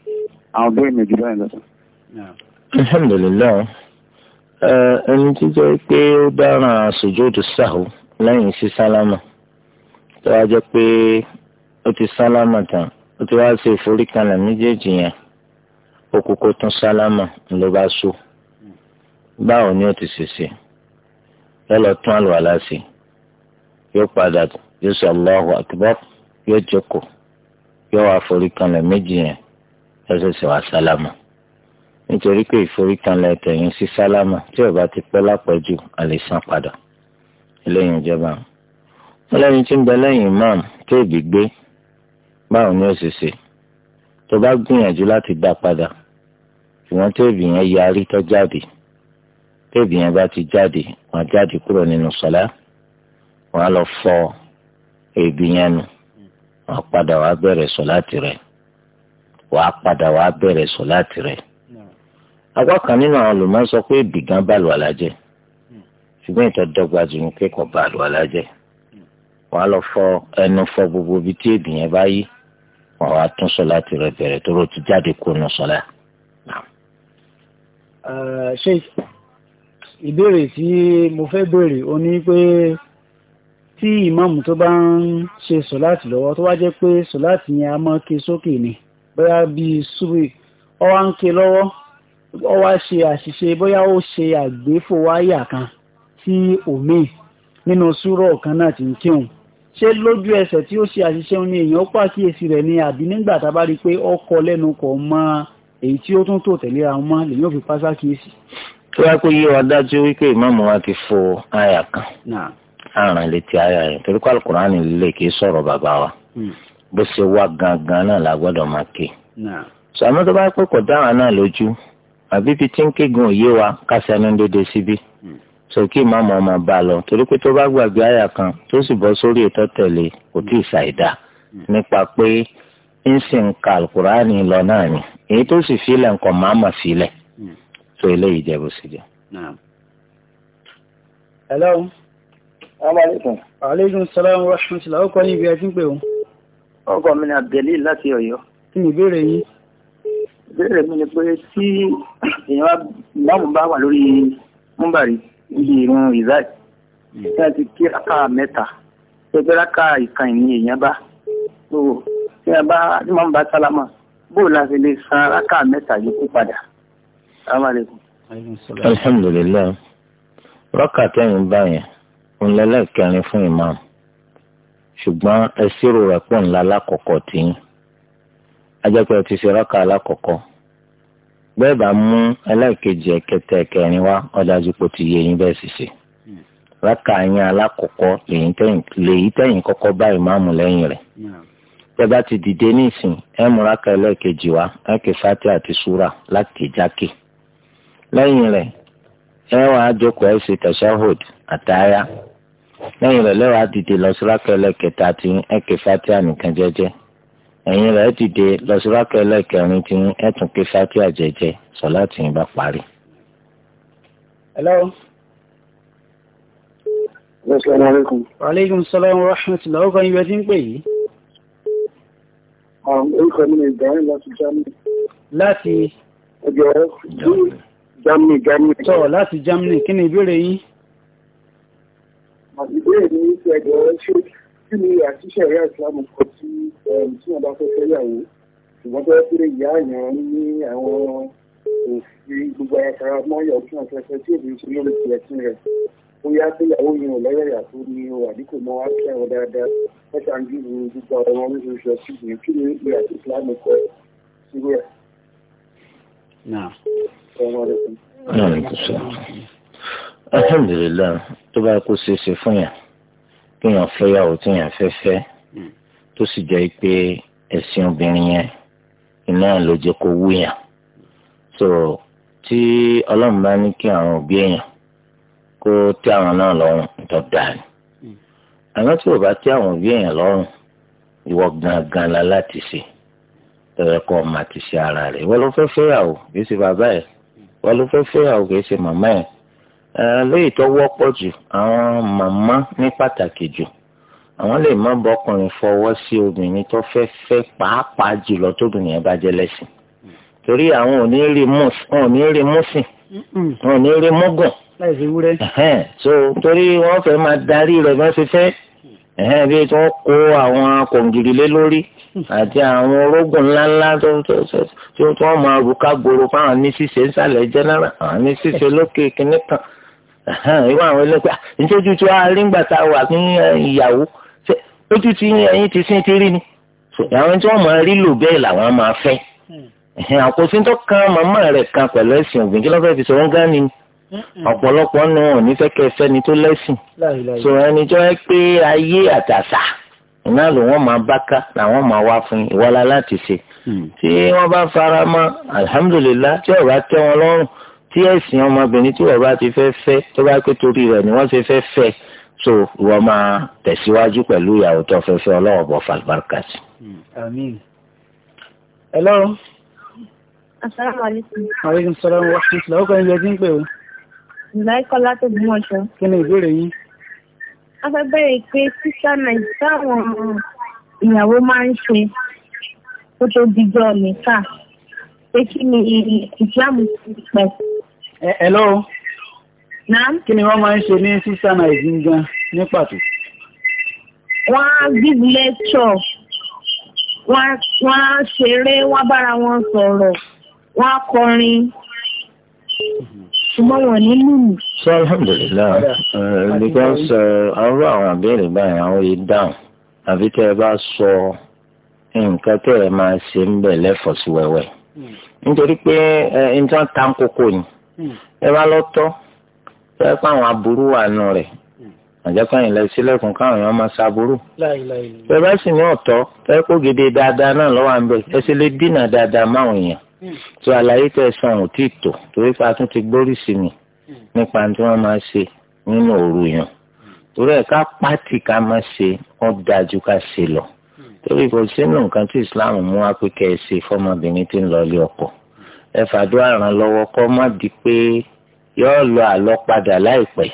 àwọn bóyá ìmọ̀ ìjùlọ yẹn lọ. alhamdulilayi ẹni tí jẹ́ pé ó dáràn sùjúdù sàhù lẹ́yìn sí sálámà tó wá jẹ́ pé ó ti sálámà tán ó ti wá ṣe ìforíkalẹ̀ méjèèjì yẹn ó tún sálámà ló bá sùn báwo ni ó ti ṣèṣe yóò lọ tún àlùwàlá sí yóò padà yóò sọ Allahu akbar yóò jókòó yóò wá forí kanlẹ̀ méjì yẹn lọ́sẹ̀sẹ̀ wá sálámà nítorí pé ìforíkanlẹ̀ tẹ̀yìn sí sálámà tí ó bá ti pẹ́ lápẹ́jù a lè san padà eléyìí ìjọba wọn lẹ́yìn tí ń bẹ lẹ́yìn imam tó ìbí gbé báwo ni ó ṣe ṣe tó bá gbìyànjú láti dá padà ṣùgbọ́n tó ìbí yẹn yarí tó jáde téèbì yẹn bá ti jáde wọ́n jáde kúrò nínú sọlá wọ́n á lọ fọ èébì yẹn nù wọ́n padà wá bẹ̀rẹ̀ sọlá tirẹ̀ wọ́n á padà wá bẹ̀rẹ̀ sọlá tirẹ̀ agbá kan nínú àwọn olùmọ̀ sọ pé èébì gan bá àlùwàlá jẹ́ ṣùgbọ́n ìtọ́ dọ́gba jù ní kékọ̀ọ́ bá àlùwàlá jẹ́ wọ́n lọ fọ ẹnu fọ gbogbo ibi tí èébì bá yí wọ́n wá tún sọlá tirẹ̀ bẹ̀rẹ̀ tó ló ti jáde kúrò nínú sọlá. ṣé ìbéèrè tí mo fẹ́ béèrè ó ní pé tí ìmáàmù tó bá ń ṣe sọ̀láàtì lọ́wọ́ tó wá jẹ́ pé sọ̀láàtì yẹn a máa ké sókè ni bóyá bíi súbì ó wá ń ké lọ́wọ́ ó wá ṣe àṣìṣe bóyá ó ṣe àgbéfòwáyà kan sí omi nínú súrọ̀ kan náà ti ń kírun ṣé lójú ẹsẹ̀ tí ó ṣe àṣìṣe ní èèyàn pàkíyèsí rẹ̀ ni àbí nígbà tá a bá rí i pé ọkọ̀ lẹ́nu kọ̀ mọ èyí tí ó tún tò tẹ̀léra wọn lèyìn ò fi tó wá pé yé wa dájú wípé ìmáàmù wa ti fo àyà kan àrùn létí àyà yẹn torí bàbá wa hmm. bó ṣe wá gangan náà la gbọ́dọ̀ máa ké tó bá pé kò dá àwọn náà lójú àbí bíi tí ń wa dédé síbí hmm. ìmáàmù ọmọ bá lọ torí pé tó bá gbàgbé àyà kan tó sì bọ́ sórí ètò tẹ̀lé kò tí ì ṣàìdá hmm. nípa pé ń sìn lọ tó eléyìí jẹ́ bó ṣe jẹ́. hello. salaamaleykum. aleykum salaam wa rahmatulah. ó kọ́ ní ibi ẹtí ń pè ó. ọkọ mi ni abdeli láti Ọ̀yọ́. kí ni ìbéèrè yín. ìbéèrè mi ni pé tí èèyàn báwo bá wà lórí múbàrí níbi ìrun ìzáì hmm. tí wọ́n ti kí rákà mẹ́ta pé rákà ìkànnì èèyàn bá tó tí wọ́n bá tí bá sálámà bóòlù àti lè san rákà mẹ́ta yòókù padà. الحمد لله ركعتين báyẹn ولا lọ lẹ́ẹ̀kẹrin في imam ṣùgbọ́n ẹṣírò rẹ̀ pọ̀ ńlá lákọ̀ọ́kọ́ tìyín ajẹ́pẹ́ ti ṣe rọ́kà alákọ̀ọ́kọ́ bẹ́ẹ̀ bá mú ẹlẹ́ẹ̀kejì ẹ̀kẹta ẹ̀kẹrin wá ọ̀dájú pé ti yé yín bẹ́ẹ̀ sì ṣe rọ́kà yín alákọ̀ọ́kọ́ lèyí tẹ̀yìn kọ́kọ́ bá imam lẹ́yìn rẹ̀ tẹ́ bá ti dìde nísìn ẹ̀ mú rọ́kà ẹlẹ́ẹ̀kejì wá ẹ̀kẹ́ fati àti súra láti lẹ́yìn rẹ̀ ẹ wàá jókòó ẹ àtàyà lẹ́yìn rẹ̀ lẹ́wàá dìde lọ́sọ́lákẹ́ ẹlẹ́kẹta tí ẹ fatia nìkan jẹ́jẹ́ ẹ̀yìn rẹ̀ dìde tí ẹ tún fatia jẹ́jẹ́ sọlá tì yín bá parí. hello. Assalamu alaikum. Wa alaikum assalam wa rahmatullahi Germany Germany. Tọ́ láti Germany kí ni ìbéèrè yín? Ìbéèrè mi ń fẹ́ ẹ̀dọ̀ ṣé kí ni àṣìṣe ẹ̀rọ ìsìlámù kan tí tí wọ́n bá fẹ́ fẹ́yàwó ṣùgbọ́n tó fẹ́ ìyá àyàn ní àwọn òfin gbogbo ayakara mọ́yà òfin àfẹ́fẹ́ tí òbí ṣe lórí ti ẹ̀sìn rẹ̀. Bóyá fẹ́yàwó yẹn lọ́yọ̀yà tó ní o àdínkù mọ́ wá kí àwọn dáadáa mẹ́ta ń gbìyànjú gbogbo àwọn oríṣiríṣi ọtí yìí kí ni ìpè àti ìsìlámù kọ́ síwẹ̀. نعم alhamdulilayi tó bá kó ṣeéṣe fún yàn kéèyàn fẹ́yàwó téèyàn fẹ́ fẹ́ hmm. tó sì jẹ́ pé ẹ̀sìn obìnrin yẹn iná ló jẹ́ kó wú yàn so tí ọlọ́run bá ní kí àwọn òbí èèyàn kó tí àwọn náà lọ́rùn tó dáa ni hmm. àmọ́ tí ò bá tí àwọn òbí èèyàn lọ́rùn ìwọ gangan la láti ṣe. Si ẹ̀rẹ̀ kọ́ ọmọ àti ṣe ara rẹ̀ wọ́n ló fẹ́ fẹ́yàwó kìí ṣe bàbá ẹ̀ wọ́n ló fẹ́ fẹ́yàwó kìí ṣe màmá ẹ̀ lẹ́yìn tó wọ́pọ̀ jù àwọn màmá ní pàtàkì jù àwọn lè má bọkùnrin fọwọ́ sí obìnrin tó fẹ́ fẹ́ pàápàá jùlọ tóbìnrin yẹn bá jẹ́ lẹ́sìn torí àwọn ò ní rí mùsìn wọn ò ní rí mọ́gùn so torí wọ́n fẹ́ máa darí rẹ̀ bá ṣe fẹ́ ẹ̀hẹ́n bí wọ́n kó àwọn kòǹgìrì lé lórí àti àwọn orógùn ńláńlá tó tí wọ́n máa rù ká gbòòrò fáwọn ní ṣíṣe ńsàlẹ̀ jẹ́nẹ́rà àwọn ní ṣíṣe lókè kínní kan ìwọ àwọn ẹlẹ́gbẹ́ nítorí tí wọ́n rí ńgbà tá a wà ní ìyàwó ojú tí ẹ̀yin ti sin ti rí ni àwọn tí wọ́n máa rí lò bẹ́ẹ̀ làwọn máa fẹ́ hmm. àkóso tó kan màmá rẹ̀ kan pẹ̀lú ẹ̀sìn ògbìn kí ló fẹ́ fi sọ wọ́n gán ni ọ̀pọ̀lọpọ̀ nù onífẹ́kẹ́ sẹ́ni tó lẹ́sìn so ẹni tó yẹ pé ayé àtàṣà iná ló wọ́n máa bá ká làwọn máa wá fún ìwọlá láti ṣe mm. tí wọ́n bá fara mọ́ alihamudulilayi tí ọba tẹ́ wọn lọ́rùn tí ẹ̀sìn ọmọbìnrin tí ọba ti fẹ́ fẹ́ tó bá pé torí rẹ̀ ni wọ́n ṣe fẹ́ fẹ́ so ìwọ máa tẹ̀síwájú pẹ̀lú ìyàwó tó fẹ́ fẹ́ ọlọ́wọ́ bọ̀ falbarkati. àmín. hello. asalaamualeykum. maaleykum salaam wa rahmatulah. ọkọ ẹni yẹn ti ń pè o láìkọ́ látògbómọ̀ṣọ́. kí ni ìbéèrè yín. a fẹ́ bẹ̀rẹ̀ pé sísá náà táwọn ìyàwó máa ń ṣe kó tó dijọ́ nìkà pé kí ni ìsìlámù ti pẹ̀. hello. naam. kí ni wọ́n máa ń ṣe ní sísá náà ìgbìngàn ní pàtó. wọ́n á give lecture wọ́n á ṣeré wọ́n bára wọn sọ̀rọ̀ wọ́n á kọrin. Mhm ṣùgbọ́n wọn ní lùlù. alhamdulilayi uh, because uh, àwọn àwọn àbẹ̀rẹ̀ báyìí àwọn yìí dáhùn àfi tẹ́ ẹ bá sọ nǹkan tẹ́ ẹ máa ṣe ń bẹ̀ lẹ́fọ̀ọ́ sí wẹ́wẹ́ hmm. nítorí pé ẹni tí wọ́n ta ń kókó ni hmm. ẹ bá lọ tọ́ ẹ pa àwọn aburú wà nù rẹ̀ àjẹpọ̀ yìí lẹ sílẹ̀kùn káwọn èèyàn máa ṣàbúrò. ẹ bá sì ní ọ̀tọ́ ẹ kó gèdè dáadáa náà lọ́wọ́ à ẹ sì lè dínà dáadáa máwọn èèyàn tó àlàyé tẹ̀sán ò tí ì tò torí pé a tún ti gbórí sí mi nípa tí wọ́n máa ṣe nínú òru yàn torí ẹ̀ ká pàtì ká máa ṣe wọ́n dájú ká ṣe lọ torí kò sínú nǹkan tí Islam mú wá pé kẹ́ ẹ ṣe fọ́mọbìnrin tí ń lọ ilé ọkọ ẹ fàdúrà ràn lọ́wọ́ kọ́ má di pé yóò lọ àlọ́ padà láìpẹ́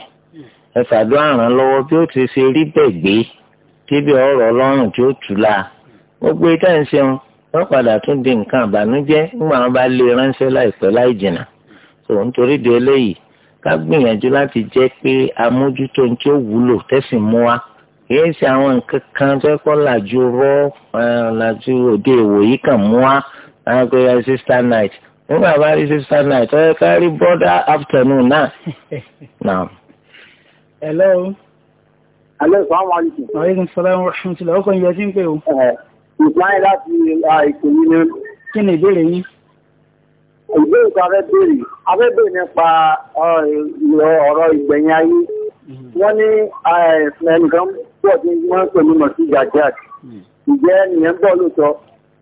ẹ fàdúrà ràn bí ó ti ṣe rí bẹ́ẹ̀ gbé tíbi ọ̀rọ̀ ọlọ́run tí ó tù la gbogbo ìtàn ṣeun wọ́n padà tún di nǹkan àbànújẹ́ nígbà wọn bá lé ránṣẹ́ láìpẹ́ láì jìnnà tó nítorí di eléyìí ká gbìyànjú láti jẹ́ pé amójútó ní tí ó wúlò tẹ́sí mú wa kìí ṣe àwọn nǹkan kan tó kọ́ làjú rọ́ eh, làjú òde ìwòyí kan mú wa láàgbé eh, sister night nígbà bá rí sister night ó yẹ ká rí brother afternoon náà. hello. alẹ́ sàmúlò. aleykum salaam wa rahmatulah ọkọ̀ ìyá tí ń pè o. Eh, ìpáyé láti ètò yìí ni. kí ni ìbéèrè yín. ìbéèrè tó afẹ́ béèrè afẹ́ béèrè nípa ọ̀rọ̀ ìgbẹ̀yìn ayé mm-hmm. wọ́n ní ẹnìkan pọ̀ tí wọ́n ń pè ní mọ̀sí jàjáàt ìjẹ́ mm-hmm. nìyẹn bọ̀ lóòótọ́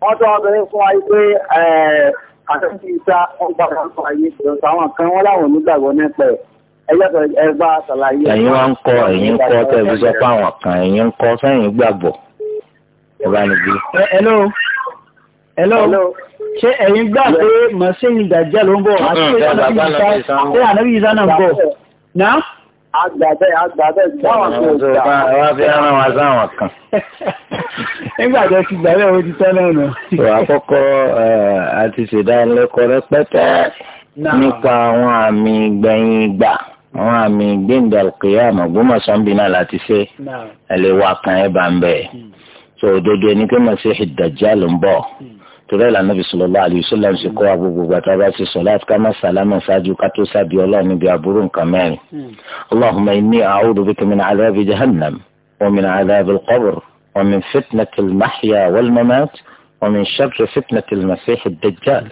wọ́n tọ́ wọn bẹ̀rẹ̀ fún ayé pé àtẹ́sí ìta wọn padà ń fún ayé ìjọsìn àwọn kan wọ́n láwọn onígbàgbọ́ nípa ẹ̀ ẹ̀yẹ́ bá ṣàlàyé. ẹ̀yin wá ń kọ́ ẹ̀yin ń kọ́ tẹ̀ fi kan ẹ̀yin ń kọ́ sẹ́yìn gbàgbọ́ bá ní bí. hello hello ṣé ẹ̀yin gbà pé mọ̀síyìn ìdàjẹ́ ló ń bọ̀ àti pé ànábì ìsá náà ń bọ̀ náà agbàbẹ́ agbàbẹ́ táwọn kò gbà wá fi ara wa sáwọn kan. nígbà tó ti gbàgbé owó ti tẹ́lẹ̀ nù. àkọ́kọ́ àti eh, ṣèdánilẹ́kọ̀ọ́ rẹpẹtẹ nípa àwọn àmì gbẹ̀yìn ìgbà àwọn àmì gbẹ̀ǹdàkìyà mọ̀gbọ́mọ̀sánbí náà láti ṣe ẹ lè wà kàn ẹ̀ bá ń bẹ̀. Hmm sọ òdodo ẹni pé Masihi Dajjal ń bọ̀ torí ẹ̀la nàbì sallallahu alaihi wasallam ń ṣe kọ́ agbègbè gbàtà bá ṣe salat ká má sàlámà ṣáájú ká tó sábì ọlọ́run níbi àbúrò nǹkan mẹ́rin. Allahumma inni a'udhu bika min 'adhabi jahannam wa min 'adhabi al-qabr wa min fitnati al-mahya wal-mamat wa min masihi Dajjal.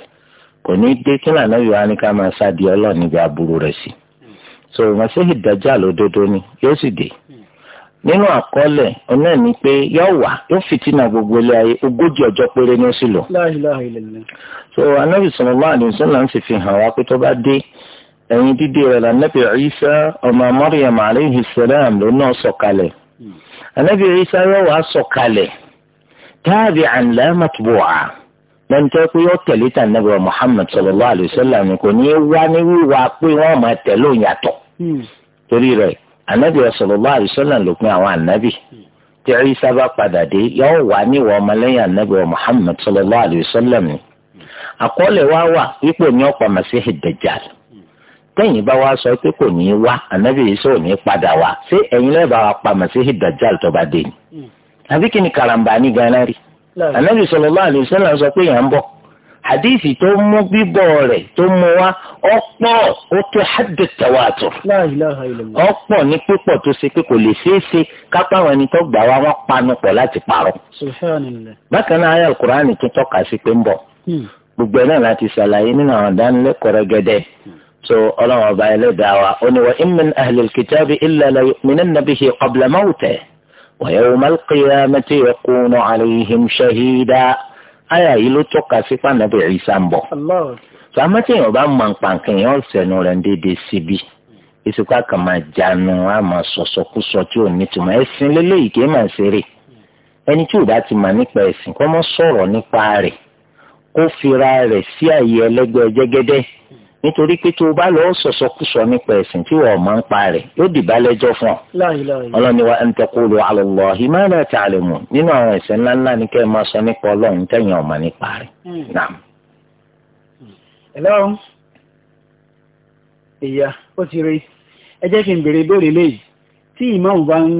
kò ní dé kí nàá nàbì wá ní ká má sábì ọlọ́run níbi àbúrò rẹ̀ sí. so Masihi Dajjal òdodo ni yóò sì dé nínú àkọọ́lẹ̀ ọ̀nà ni pé yóò wà yóò fìtínà gbogbo ilé ayé ogójì ọjọ́ péré ni ó sì lò. so anabi sallallahu alaihi wasallam sì fi hàn wá pé tó bá dé ẹ̀yìn dídé rẹ̀ lànàbì Ìsá ọmọ Maryam alayhi salam ló náà sọ̀kalẹ̀ anabi Ìsá yóò wá sọ̀kalẹ̀ táàbì àǹlá màtúbọ̀à lẹ́nu tó pé yóò tẹ̀lé tà nàbì Muhammad sallallahu alaihi wasallam kò ní í wá ní wíwá pé wọ́n máa tẹ̀lé anabi sallallahu alaihi wasallam ló pin àwọn anabi tí Ìsá bá padà dé yóò wà níwọ ọmọlẹ́yìn anabi wa muhammed sallallahu alaihi wasallam ni àkọọ́lẹ̀ wa wà wípé ní ọ̀pọ̀ masihi dajjal tẹ́yìn bá wa sọ pé kò ní í wá anabi Ìsá ò ní í padà wá ṣé ẹ̀yin lẹ́ẹ̀ bá wa pa masihi dajjal tó bá dé ni àbí kí ni karambani gan rí anabi sallallahu alaihi sọ pé yẹn ń bọ̀ hadisi tó mú bíbọ̀ rẹ̀ tó mú wa ọ̀pọ̀ ó tó hadith tawatur. ọ̀pọ̀ ní pípọ̀ tó ṣe pé kò lè ṣeé ṣe kápá àwọn ẹni tó gbà wá wọn panu pọ̀ láti parọ́. bákan náà ayé alukur'an tó tọ́ka sí pé ń bọ̀ hmm. gbogbo ẹ̀ náà láti ṣàlàyé nínú àwọn ìdánilẹ́kọ̀ọ́ rẹ̀ gẹ́dẹ́ so ọlọ́run ọba ẹlẹ́dàá wa ó ní wa in min ahlil kitabi illa la yu'minanna bihi qabla mawtihi wa yawmal qiyamati yakunu alayhim shahida àyà yìí ló tọ́ka sí pàǹdàbí Ìsá ń bọ̀. sàmọ́ tí èèyàn bá mọ nǹkan yẹn ọ̀sẹ̀nu rẹ̀ ń dédé síbi ìsìnkú àkàmà jánu àmà sọ̀sọ̀kúsọ tí ò ní tùmọ̀ ẹ̀sìn lélẹ́yìí kì í máa ṣeré ẹni tí ò ti mà nípa ẹ̀sìn kọ́ sọ̀rọ̀ nípa rẹ̀ kó fira rẹ̀ sí àyè ẹlẹ́gbẹ́ jẹ́gẹ́dẹ́ nítorí pé tó o bá lọ sọsọkúsọ nípa ẹ̀sìn tí wọ́n máa ń pa rẹ̀ yóò dìbà lẹ́jọ́ fún ọ. ọlọ́ni wa an taqulu ala Allahi ma la ta'lamun nínú àwọn ẹ̀ṣẹ̀ ńláńlá ni kẹ́ ẹ máa sọ nípa ọlọ́run tẹ̀yìn ọ̀mà nípa rẹ̀. Hmm. hello ìyá ó ti rí ẹ jẹ́ kí n béèrè ìbéèrè léyìí tí ìmáàmù bá ń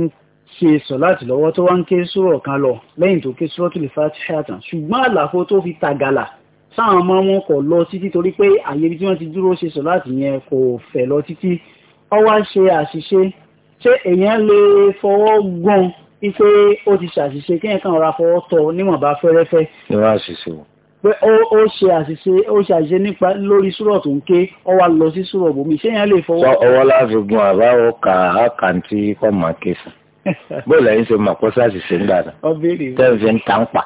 ṣe sọ láti lọ́wọ́ tó wá ń ké sórọ̀ kan lọ lẹ́yìn tó ké sórọ̀ tó lè fa sáwọn ọmọ wọn kò lọ títí torí pé àyè ibi tí wọ́n ti dúró ṣe sọ láti yẹn kò fẹ̀ lọ títí ó wá ṣe àṣìṣe ṣé èèyàn lè fọwọ́ gan ife ó ti ṣàṣìṣe kí nǹkan ọ̀rá fọwọ́ tọ níwọ̀nba fẹ́rẹ́fẹ́. ìwà àṣìṣe o. pé ó ṣe àṣìṣe ó ṣe àṣìṣe nípa lórí súrọ̀ tó ń ké ó wá lọ sí súrọ̀ bòmí ṣé èèyàn lè fọwọ́. sọ ọwọ́ láfigun àbáwọ̀ kà á kàn tí kò máa ké fún bóòlù ẹ̀yin ṣe mọ̀ kó ṣàṣìṣe ńgbà náà tẹ́ǹfẹ̀ ń tà ń pa.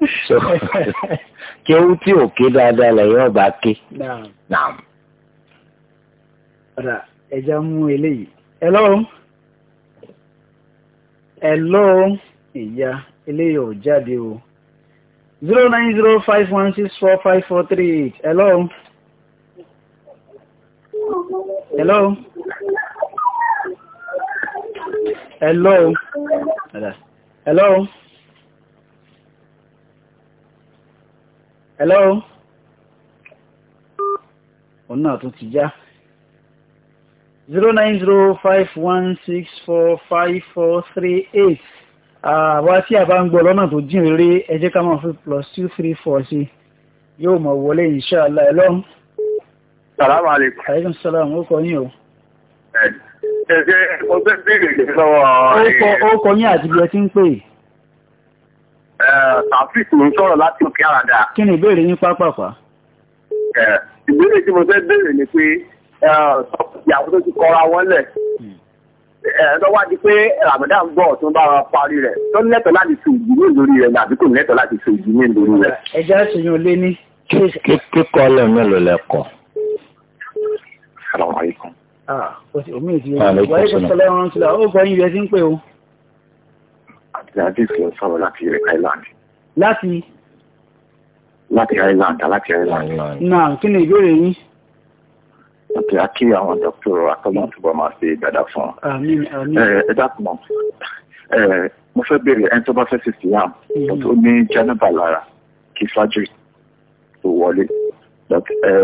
kéwú tí ò ké dáadáa lẹ́yìn ọba ké. naam. ọ̀rà ẹja mú eléyìí. hello. hello ìyá eléyìí ò jáde o. zero nine zero five one six four five four three eight. hello. hello. hello. hello. hello òun náà tún ti já zero nine zero five one six four five four three eight àwa tí a bá ń gbọ́ lọ́nà tó jìn rere ẹ ká máa fi plus two three four sí yóò mọ̀ wọlé inṣàlá ẹ lọ́hùn. salaam aleykum. aleykum salaam ó kọ yín o. ẹ ṣe mo fẹ́ bèèrè lọ́wọ́. ó kọ yín àti bí ẹ ti ń pè é. Tàfíìs ló ń sọ̀rọ̀ láti òkè àràdà. Kí ni ìbéèrè yín pápápá? Ìbéèrè tí mo fẹ́ béèrè ni pé ìyàwó tó ti kọra wọn lẹ̀. Lọ́wọ́ hmm. di pé Ramadan ń bọ̀ tó ń bá wa parí rẹ̀. Tó ń lẹ́tọ̀ọ́ láti ṣe ìdílé lórí rẹ̀ àbí kò lẹ́tọ̀ọ́ láti ṣe ìdílé lórí rẹ̀. Ẹ jẹ́ ṣèyàn lé ní. Kíkọ́ lẹ̀ mélòó lẹ́kọ̀ọ́? Assalamu alaikum. Ah, omi ìdílé. Wàhálà ìkọ̀sọ̀lá. Wàhálà ìkọ̀sọ̀lá Abdulaziz ló sọ̀rọ̀ láti Ireland. Láti? Láti Ireland, láti Ireland. Náà kí ni ìbéèrè yín? Àti akí àwọn dọ́kítọ̀ akọ́gbọ́n tó bọ́ máa ṣe dáadáa fún ọ. Ẹ dákun mo fẹ́ bèèrè ẹni tó bá fẹ́ sèṣì yàm mm. tó ní jẹ́nàbà lára kí fájìrì tó wọlé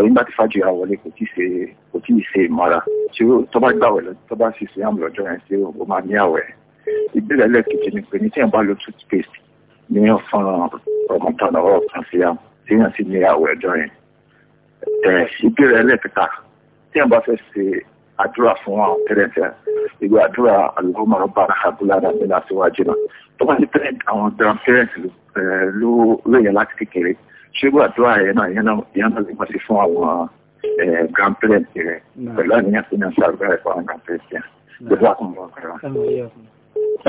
nígbà tí fájìrì á wọlé kò tí ì ṣe ìmọ̀ra tó bá gbàwẹ̀ tó bá sèṣì yàm lọ́jọ́ yẹn tí ó máa ní àwẹ̀ ìbéèrè ẹlẹ́kejì ni pé ní tí èèyàn bá lo toothpaste ní ọ̀fọ̀nrán ọmọọ̀tàn ọ̀rọ̀ kan sí àwọn tí èèyàn sì ní àwọ̀ ẹ̀jọ́ yẹn. ìbéèrè ẹlẹ́kẹta tí èèyàn bá fẹ́ ṣe àdúrà fún àwọn tẹ́lẹ̀tẹ́ ìgbà àdúrà alùpùpù bára àbúlá àbí láṣíwájú náà tó bá ti tẹ́lẹ̀ àwọn grandparents ló lóye láti kékeré ṣé ìgbà àdúrà yẹn náà yẹn náà lè pàṣẹ fún àwọn grandparents rẹ pẹ̀lú àníyàn tó ní àṣà àgbà ẹ̀kọ́ àwọn grandparents yẹn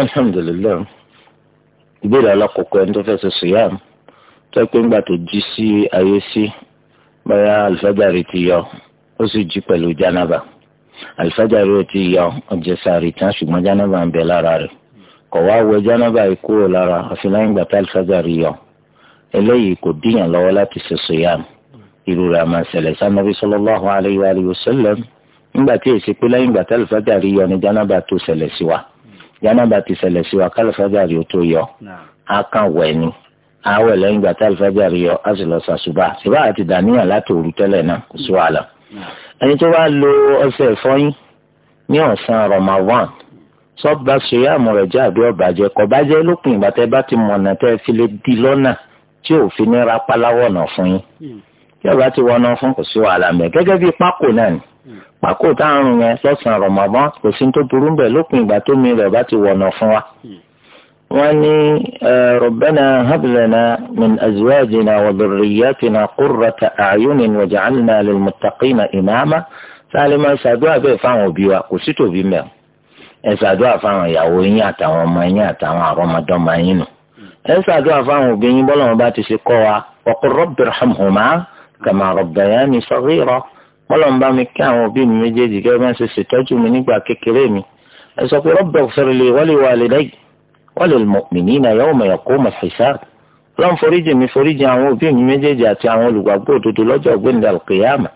alhamdulilayi ìbéèrè alákọ̀ọ́kọ́ ẹni tó fẹ́ ṣe sùyàm tó pé ńgbà tó jí sí ayé sí báyà alifájàre ti yọ ó sì jí pẹ̀lú jánaba alifájàre ti yọ ọjẹsàrì tán ṣùgbọ́n jánaba ń bẹ lára rẹ̀ kọ̀ wá wẹ jánaba yìí kúrò lára àfi lẹ́yìn ìgbà tá alifájàre yọ eléyìí kò díyàn lọ́wọ́ láti ṣe sùyàm irú rẹ̀ àmà ṣẹlẹ̀ sanabi sallallahu alayhi wa sallam ńgbà tí èsì pé lẹ́yìn ìgbà tá alifájàre yọ ni jánaba tó ṣẹlẹ̀ sí wa jánábà ti ṣẹlẹ̀ sí wa kálífàjárì ó tó yọ á kàn wẹ̀ ni á wẹ̀ lẹ́yìn ìgbà kálífàjárì yọ á sì lọ sàṣùbà ṣùgbọ́n àti dàníyàn láti òru tẹ́lẹ̀ náà kò sí wàhálà. ẹni tó bá lo ọṣẹ ìfọyín ní ọ̀sán Ramadan sọ́ba ṣèyàmù rẹ̀ jẹ́ àbí ọ̀bàjẹ́ kò bá jẹ́ lópin ìgbà tẹ́ bá ti mọ̀nà tẹ́ fi lè di lọ́nà tí òfin ní rápáláwọ̀nà fún yín hmm. tí pákó táàrùn yẹn lọ́sàn-án rọ̀mọ́bọ́n kò sí tó burú bẹ̀ lópin ìgbà tó mi rẹ̀ bá ti wọ̀nà fún wa. wọ́n ní rọ̀bẹ́nà hablana min azwajina wa dhurriyyatina qurrata a'yunin waj'alna lil muttaqina imama sálẹ́mà ṣàdúrà bẹ́ẹ̀ fáwọn òbí wa kò sí tòbí mẹ́ọ̀ ẹ ṣàdúrà fáwọn ìyàwó yín àtàwọn ọmọ yín àtàwọn àrọ́mọdọ́mọ ọlọ́run bá mi kí àwọn òbí mi méjèèjì kí wọ́n ṣe ṣètọ́jú mi nígbà kékeré mi ẹ sọ pé Rabbighfir li wa li walidayya wa lil mu'minina yawma yaqumu al-hisab ọlọ́run foríjì mi foríjì àwọn òbí mi méjèèjì àti àwọn olùgbàgbọ́ òdodo lọ́jọ́ ọ̀gbẹ́ni al-qiyama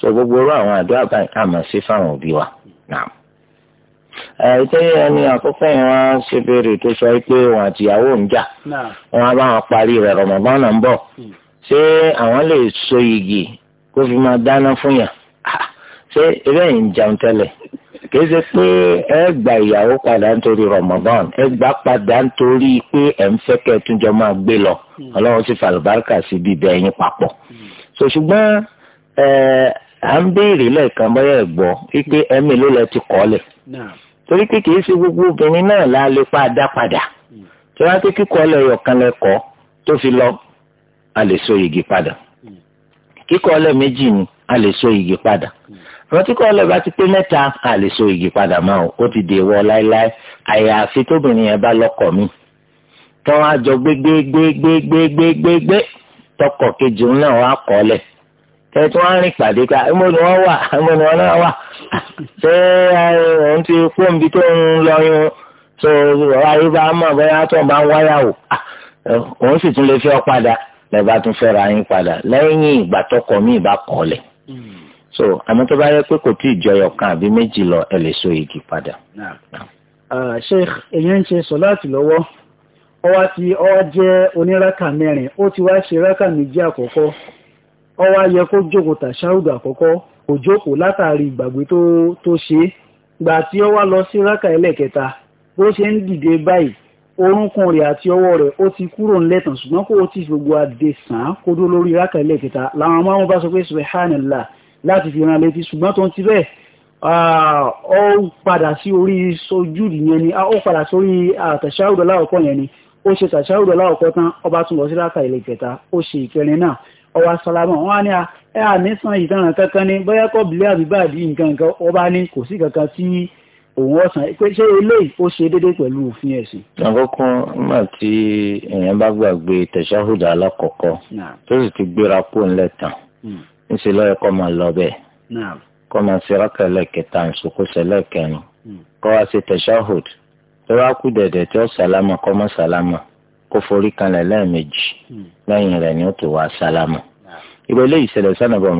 sọ gbogbo orú àwọn àdúrà báyìí àmọ́ ṣe hmm. àwọn lè so igi kó fi máa dáná fún yàn ah, ṣé ebe yìí ń jẹun tẹ́lẹ̀ kìí ṣe pé ẹ gba ìyàwó padà nítorí Ramadan ẹ gbà padà nítorí pé ẹ ń fẹ́ kẹ́ ẹ tún jọ máa gbé lọ ọlọ́run sì fàlùbáríkà sí bíbẹ̀ ẹ̀yin papọ̀ so ṣùgbọ́n ẹ à ń béèrè lẹ́ẹ̀kan bọ́yá ẹ̀ gbọ́ wípé ẹ̀mí ló lẹ ti kọ́ lẹ̀ torí pé kìí ṣe gbogbo obìnrin náà la lè pa dá padà hmm. tí wọ́n á pé kíkọ́ lẹ̀ yọ̀kan lẹ́kọ̀ọ́ tó fi lọ a lè so igi padà kíkọ́ ọlẹ́ méjì ni a lè so igi padà àwọn kíkọ́ ọlẹ́ bá ti pé mẹ́ta a lè so igi padà máa o ó ti dèwọ́ láéláé àyàfi tóbìnrin yẹn bá lọ́kọ mi tọ́wọ́n àjọ gbégbégbégbégbégbé tọkọ kejì náà wà kọ́ ọlẹ́ tẹ tí wọn rìn pàdé ká ẹmọ ni wọn wà ẹmọ ni wọn náà wà ṣé ẹn ti kó nbí tó ń lọ yún tó ayé bá mọ bóyá tó ń bá ń wáyà o òun sì tún lè fi ọ padà lẹ́bàá tún fẹ́ ra yín padà lẹ́yìn ìgbà tọkọ mi ìbá kọ́ lẹ̀. so àmọ́ tó bá yẹ pé kò tí ì jọyọ̀ kan àbí méjì lọ ẹ lè so igi padà. sheikh èyàn ń ṣe sọláàtì lọ́wọ́ ọwá tí ọwá jẹ́ oníraka mẹ́rin ó ti wá ṣe raka méjì àkọ́kọ́ ọwá yẹ kó jókòó tàṣáùdù àkọ́kọ́ kò jókòó látàrí ìgbàgbé tó ṣe gbà tí ó lọ sí raka ẹlẹ́kẹta bó ṣe ń dìde báyìí orúnkún rẹ̀ àti ọwọ́ rẹ̀ ó ti kúrò ńlẹ̀tàn ṣùgbọ́n kó o ti gbogbo àdè sàn án kó dó lórí rákàlẹ̀ kẹta làwọn ọmọ wọn bá sọ pé subhanallah láti fi ran létí ṣùgbọ́n tó ń ti bẹ́ẹ̀ ó padà sí orí sojúdì yẹn ni ó padà sórí tàṣáhùdù láwọ̀kọ́ yẹn ni ó ṣe tàṣáhùdù láwọ̀kọ́ tán ó bá tún lọ sí rákàlẹ̀ kẹta ó ṣe ìkẹrin náà ó wá sálámà wọn á ní ẹ àníṣàn ìtàn kankan ni bóyá kọ́ bìlẹ̀ àbíbáàdì nǹkan nǹkan ọba ní kò sí kankan tí òun ọ̀sán pé ṣé eléyìí ó ṣe déédéé pẹ̀lú òfin ẹ̀sìn. àkọ́kọ́ nígbà tí èèyàn bá gbàgbé tẹ̀síáhùdà alákọ̀ọ́kọ́ tó sì ti gbéra kó ńlẹ̀ tán hmm. ńṣe lọ́yẹ̀ kọ́ máa lọ bẹ́ẹ̀ kọ́ máa ṣe rákà lẹ́ẹ̀kẹta ìṣòkò sẹ́lẹ̀kẹrin hmm. kọ́ wá ṣe tẹ̀síáhùd tó bá kú dẹ̀dẹ̀ tí ó sálámà kọ́ mọ́ sálámà kó forí kanlẹ̀ lẹ́ẹ̀mejì hmm. lẹ́yìn rẹ̀ ni ó tó wá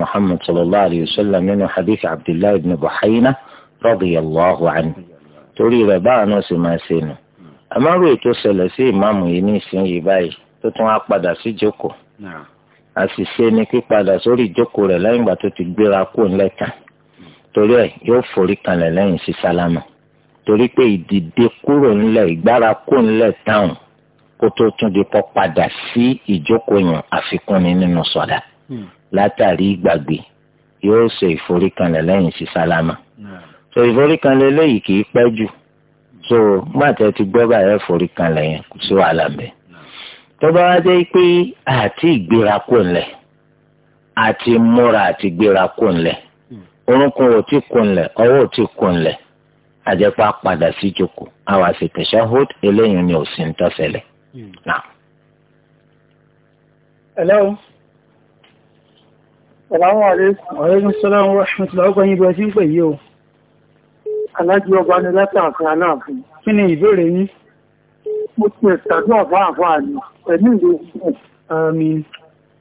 Muhammad sallallahu alayhi wa sallam nínú hadith Abdullahi ibn Buhaina radiyallahu anhu torí rẹ̀ báwọn náà sì máa ṣe nù àmọ́rò ètò ṣẹlẹ̀ sí ìmáàmù yìí ní ìsinyìí báyìí tó tún á padà sí jókòó àṣìṣe ni pípadà sórí ìjókòó rẹ̀ lẹ́yìn ìgbà tó ti gbéra kó ńlẹ́ta torí ẹ̀ yóò forí kanlẹ̀ lẹ́yìn sí sálámà torí pé ìdìde kúrò ńlẹ̀ ìgbára kó ńlẹ̀ táwọn kó tó tún di kọ́ padà sí ìjókòó yàn àfikún ni nínú sọ̀dá hmm. látàrí ìgbàgbé yóò ṣe ìforí kanlẹ̀ lẹ́yìn sí sálámà so ìforí kan lélẹ́yìí kì í pẹ́ jù so gbàtẹ́ ti gbọ́ báyẹn forí kan lẹ́yìn kò sí wàhálà mẹ́. tó bá wá jẹ́ pé àti ìgbéra kò ńlẹ̀ àti múra àti ìgbéra kò ńlẹ̀ orúnkún ò tí kò ńlẹ̀ ọwọ́ ò tí kò ńlẹ̀ àjẹpá padà sí jòkó àwọn àṣetẹ̀ṣẹ́ hold eléyìí ni ò sí ń tọ́sẹ̀lẹ̀. Hello. Assalamu alaikum. Wa alaikum assalam wa rahmatullahi wa barakatuh alájí ọba ní látàfin aláàfin. kí ni ìbéèrè yín. mo ti ẹ̀sàdú àbá àbá ni ẹ̀mí ìlú ìfún. àmì.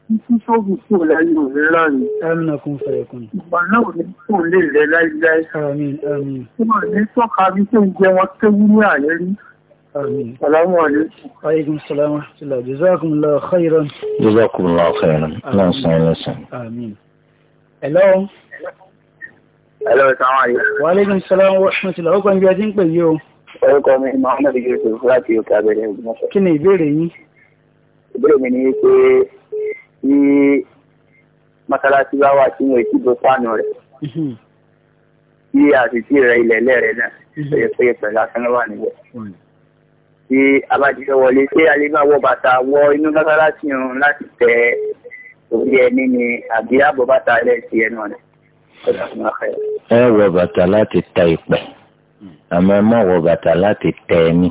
títí sóògùn tí ò láyé ò lè láàrin. àmì náà kún fẹ̀rẹ̀ kún. ìgbà náà ò ní kò lè rẹ̀ láíláí. àmì àmì. tí wọ́n ní tọ́ka bí tó ń jẹ wọn kéwú ní àyẹ́rí. آمين السلام عليكم وعليكم السلام ورحمة الله جزاكم الله خيرا جزاكم الله خيرا الله يسعدك آمين Hello Wa alaikum salam wa rahmatullahi ọkọ̀ ibi ajé ń pè yí o. Orúkọ mi, Muhammad Yusuf láti òkè abẹ́rẹ́ Ògbómọ̀ṣọ́. Kí ni ìbéèrè yín? Ìbéèrè mi ni pé ní mọ́sálásí bá wà tí mo ti bo fáànù rẹ̀. Mhm. Bí àtìtì rẹ̀ ilẹ̀ lẹ́rẹ̀ náà, ṣe mhm. pé pẹ̀lú asán wà níbẹ̀. Tí a bá ti wọlé, ṣé a lè máa wọ bàtà wọ inú mọ́sálásí run láti tẹ òbí ẹni ni àbí àbọ̀ bàtà rẹ̀ sí ẹnu ọ̀nà? ẹ wọ bàtà láti ta ìpẹ́ àmọ́ ẹ má wọ bàtà láti tẹ ẹni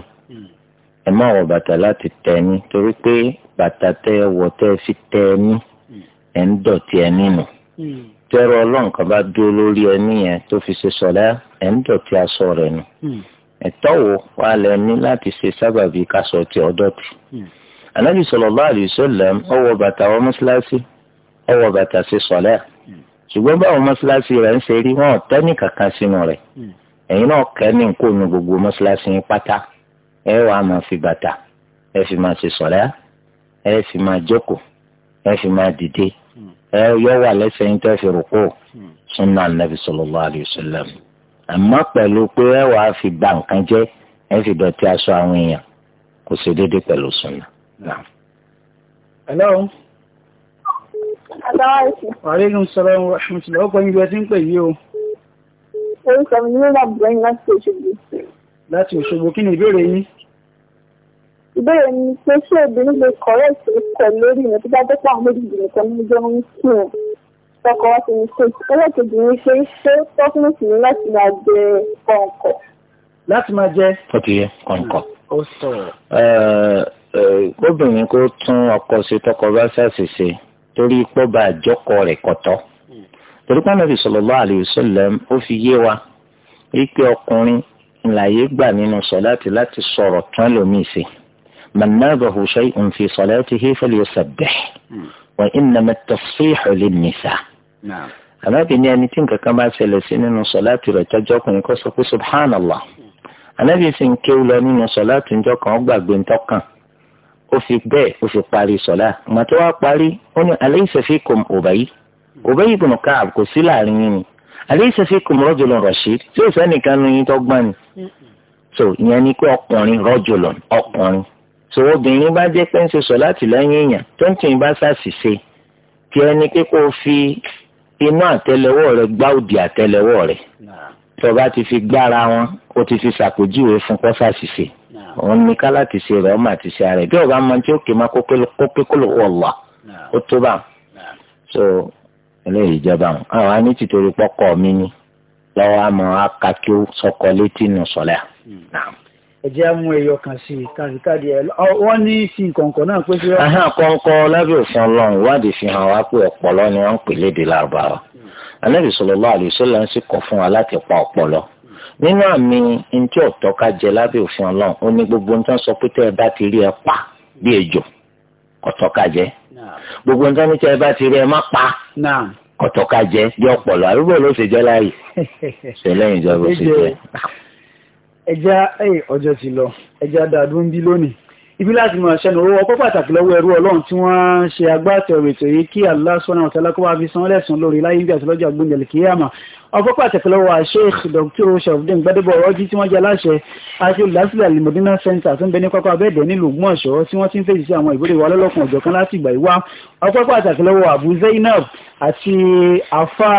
ẹ má wọ bàtà láti tẹ ẹni torí pé bàtà tẹ ẹ wọ tẹ ẹ fi tẹ ẹni ẹ ń dọ̀tí ẹni nù tẹ́rọ ọlọ́nkan bá dúró lórí ẹni yẹn tó fi ṣe sọ̀lá ẹ̀ ń dọ̀tí aṣọ rẹ̀ nù. ẹ̀tọ́ wo wàá lẹ ní láti ṣe sábàbí kaṣọ ti ọ̀dọ́tì. ànábì sallallahu alaihi wasallam ó wọ bàtà wọ mọ́ṣáláṣí ó bàtà ṣe sọ̀lá ṣùgbọ́n báwọn mọ́ṣáláṣí rẹ̀ ń ṣe rí wọn ọ̀tẹ́ ní kankan sínú rẹ̀ hmm. ẹ̀yin náà kẹ́ ní nǹkó nu gbogbo mọ́ṣáláṣí yín pátá ẹ wà á máa fi bàtà ẹ fi máa ṣe sọ̀rẹ́ ẹ fi máa jókòó ẹ fi máa dìde hmm. ẹ yọ wà lẹ́sẹ̀ yín tẹ́ fi rúkú hmm. sunna anabi sallallahu alayhi wa àmọ́ pẹ̀lú pé ẹ wà á fi bà nǹkan jẹ́ ẹ fi dọ̀tí aṣọ àwọn èèyàn kò ṣe déédéé pẹ̀lú sunna. Àríkùn sọ́lọ́run rọ̀ṣùmùsùlẹ̀ ó pẹ̀lú ìgbẹ́ tí ń pè yí o. Orúkọ mi ní Lábùgbẹ́ni láti Òṣogbo. Láti Òṣogbo, kí ni ìbéèrè yín? Ìbéèrè mi pé ṣé obìnrin lè kọ̀rẹ́ ìṣèkọ̀ lórí ìrìn tó bá jẹ́ pàwọn méjìlì nìkan ní ọjọ́ ń kí wọn. Tọkọ wá sí ní ṣe ẹlẹ́kejì ní ṣe ṣé tọ́kùnrin ní láti máa jẹ kọ̀ǹkọ̀. Láti máa jẹ. Ó ti yẹ kọ̀ǹkọ̀. Ó sọ̀rọ̀. Obìnrin kó tún ọkọ ṣe tọkọ bá ṣàṣìṣe torí pọ́ bá àjọkọ rẹ̀ kọ̀tọ́ torí pọ́n nàbì sallallahu alayhi wa sallam ó fi yé wa wípé ọkùnrin ńláyé gbà nínú sọ̀láàtì láti sọ̀rọ̀ tán lómi sí man nabahu shay'un fi salatihi falyusabbih wa innama at-tasfihu lin-nisa. ànábì ní ẹni tí nǹkan kan bá ṣẹlẹ̀ sí nínú sọ̀láàtì rẹ̀ tọ́jú ọkùnrin kó subhanallah ànábì sì ń kéwú lọ nínú sọ̀láàtì ńjọ́ kan ó gbàgbé ńtọ́kàn ó fi bẹ́ẹ̀ ó fi parí sọ̀lá ìgbà tó wá parí ó ní alaysa fikum Ubay Ubay ibn Ka'b kò sí láàrin yín ni alaysa fikum rajulun rashid tí ó sẹ́nìkan nu yín tó gbọ́n ni so ìyẹn ni pé ọkùnrin rajulun ọkùnrin so obìnrin bá jẹ́ pé ń ṣe sọ̀lá tìlẹ́yìn èèyàn tó ń tìyìn bá ṣàṣìṣe kí ẹni pé kó o fi inú àtẹ́lẹwọ́ rẹ̀ gbá òdì àtẹ́lẹwọ́ rẹ̀ tó bá ti fi gbára wọn ó ti fi ṣàpèjúwe fún kọ́sàṣìṣe òun ní kálá ti ṣe rẹ̀ ọmọ àti ṣe rẹ̀ bí ọba máa tí ó kè má kó pé kó ló wọ̀ wá ó tó bá so eléyìí ìjọba àwọn àní tìtorí pọkọ mi ni lọ́wọ́ àmọ́ akákí sọkọ létí nù sọ̀lẹ́ hmm. ẹ jẹ́ mú ẹyọ kan sí i kàdìkàdì ẹ wọ́n ní sí kọ̀ǹkọ̀ náà pé ṣé. ahọ́n kọ̀ǹkọ̀ lábẹ́ òfin ọlọ́run ìwádìí fi hàn wá pé ọ̀pọ̀lọ́ ni wọ́n ń pè lédè lárúbáwá anábì sallallahu alaihi wasallam sì kọ̀ fún nínú àmì ntí ọ̀tọ̀ ká jẹ lábẹ́ òfin ọlọ́run ó ní gbogbo nǹkan sọ pé tẹ́ ẹ bá ti rí ẹ pa bí ejò ọ̀tọ̀ ká jẹ gbogbo nǹkan ní tẹ́ ẹ bá ti rí ẹ má pa ọ̀tọ̀ ká jẹ bí ọ̀pọ̀lọ arúgbó ló ṣe jẹ́ láàyè ṣẹlẹ́yìn ìjọba ó ṣe jẹ́. ẹja ọjọ́ ti lọ ẹja dàdún bí lónìí ibi láti mọ̀ ṣẹnu owó ọpọ́ pàtàkì lọ́wọ́ ẹrú ọlọ́run tí wọ́n ṣe agbátẹrù ètò yìí kí Allah subhanahu wa ta'ala kó wá fi san lẹ́sùn lórí láyé bí àtìlọ́jọ́ àgbóǹdẹ̀lẹ̀ kíyàmà ọgbọ́ pàtàkì lọ́wọ́ sheikh dr shafdin gbadebo ọ̀rọ̀jú tí wọ́n jẹ́ aláṣẹ àti olùdásílẹ̀ alimodina center tó ń bẹ ní kọ́kọ́ abẹ́ẹ̀dẹ̀ nílùú Ògbómọ̀ṣọ́ tí wọ́n ti ń fèsì sí àwọn ìbéèrè wa lọ́lọ́kùn ọ̀jọ̀ kan láti ìgbà ìwá ọgbọ́ pàtàkì lọ́wọ́ abu zainab àti afa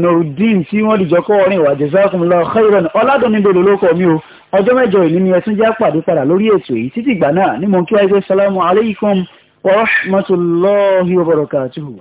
nurudin tí wọ́n dìjọ kọ́ orin ìwà jazakumullahu khairan ọ̀làdùn níbo lólókọ̀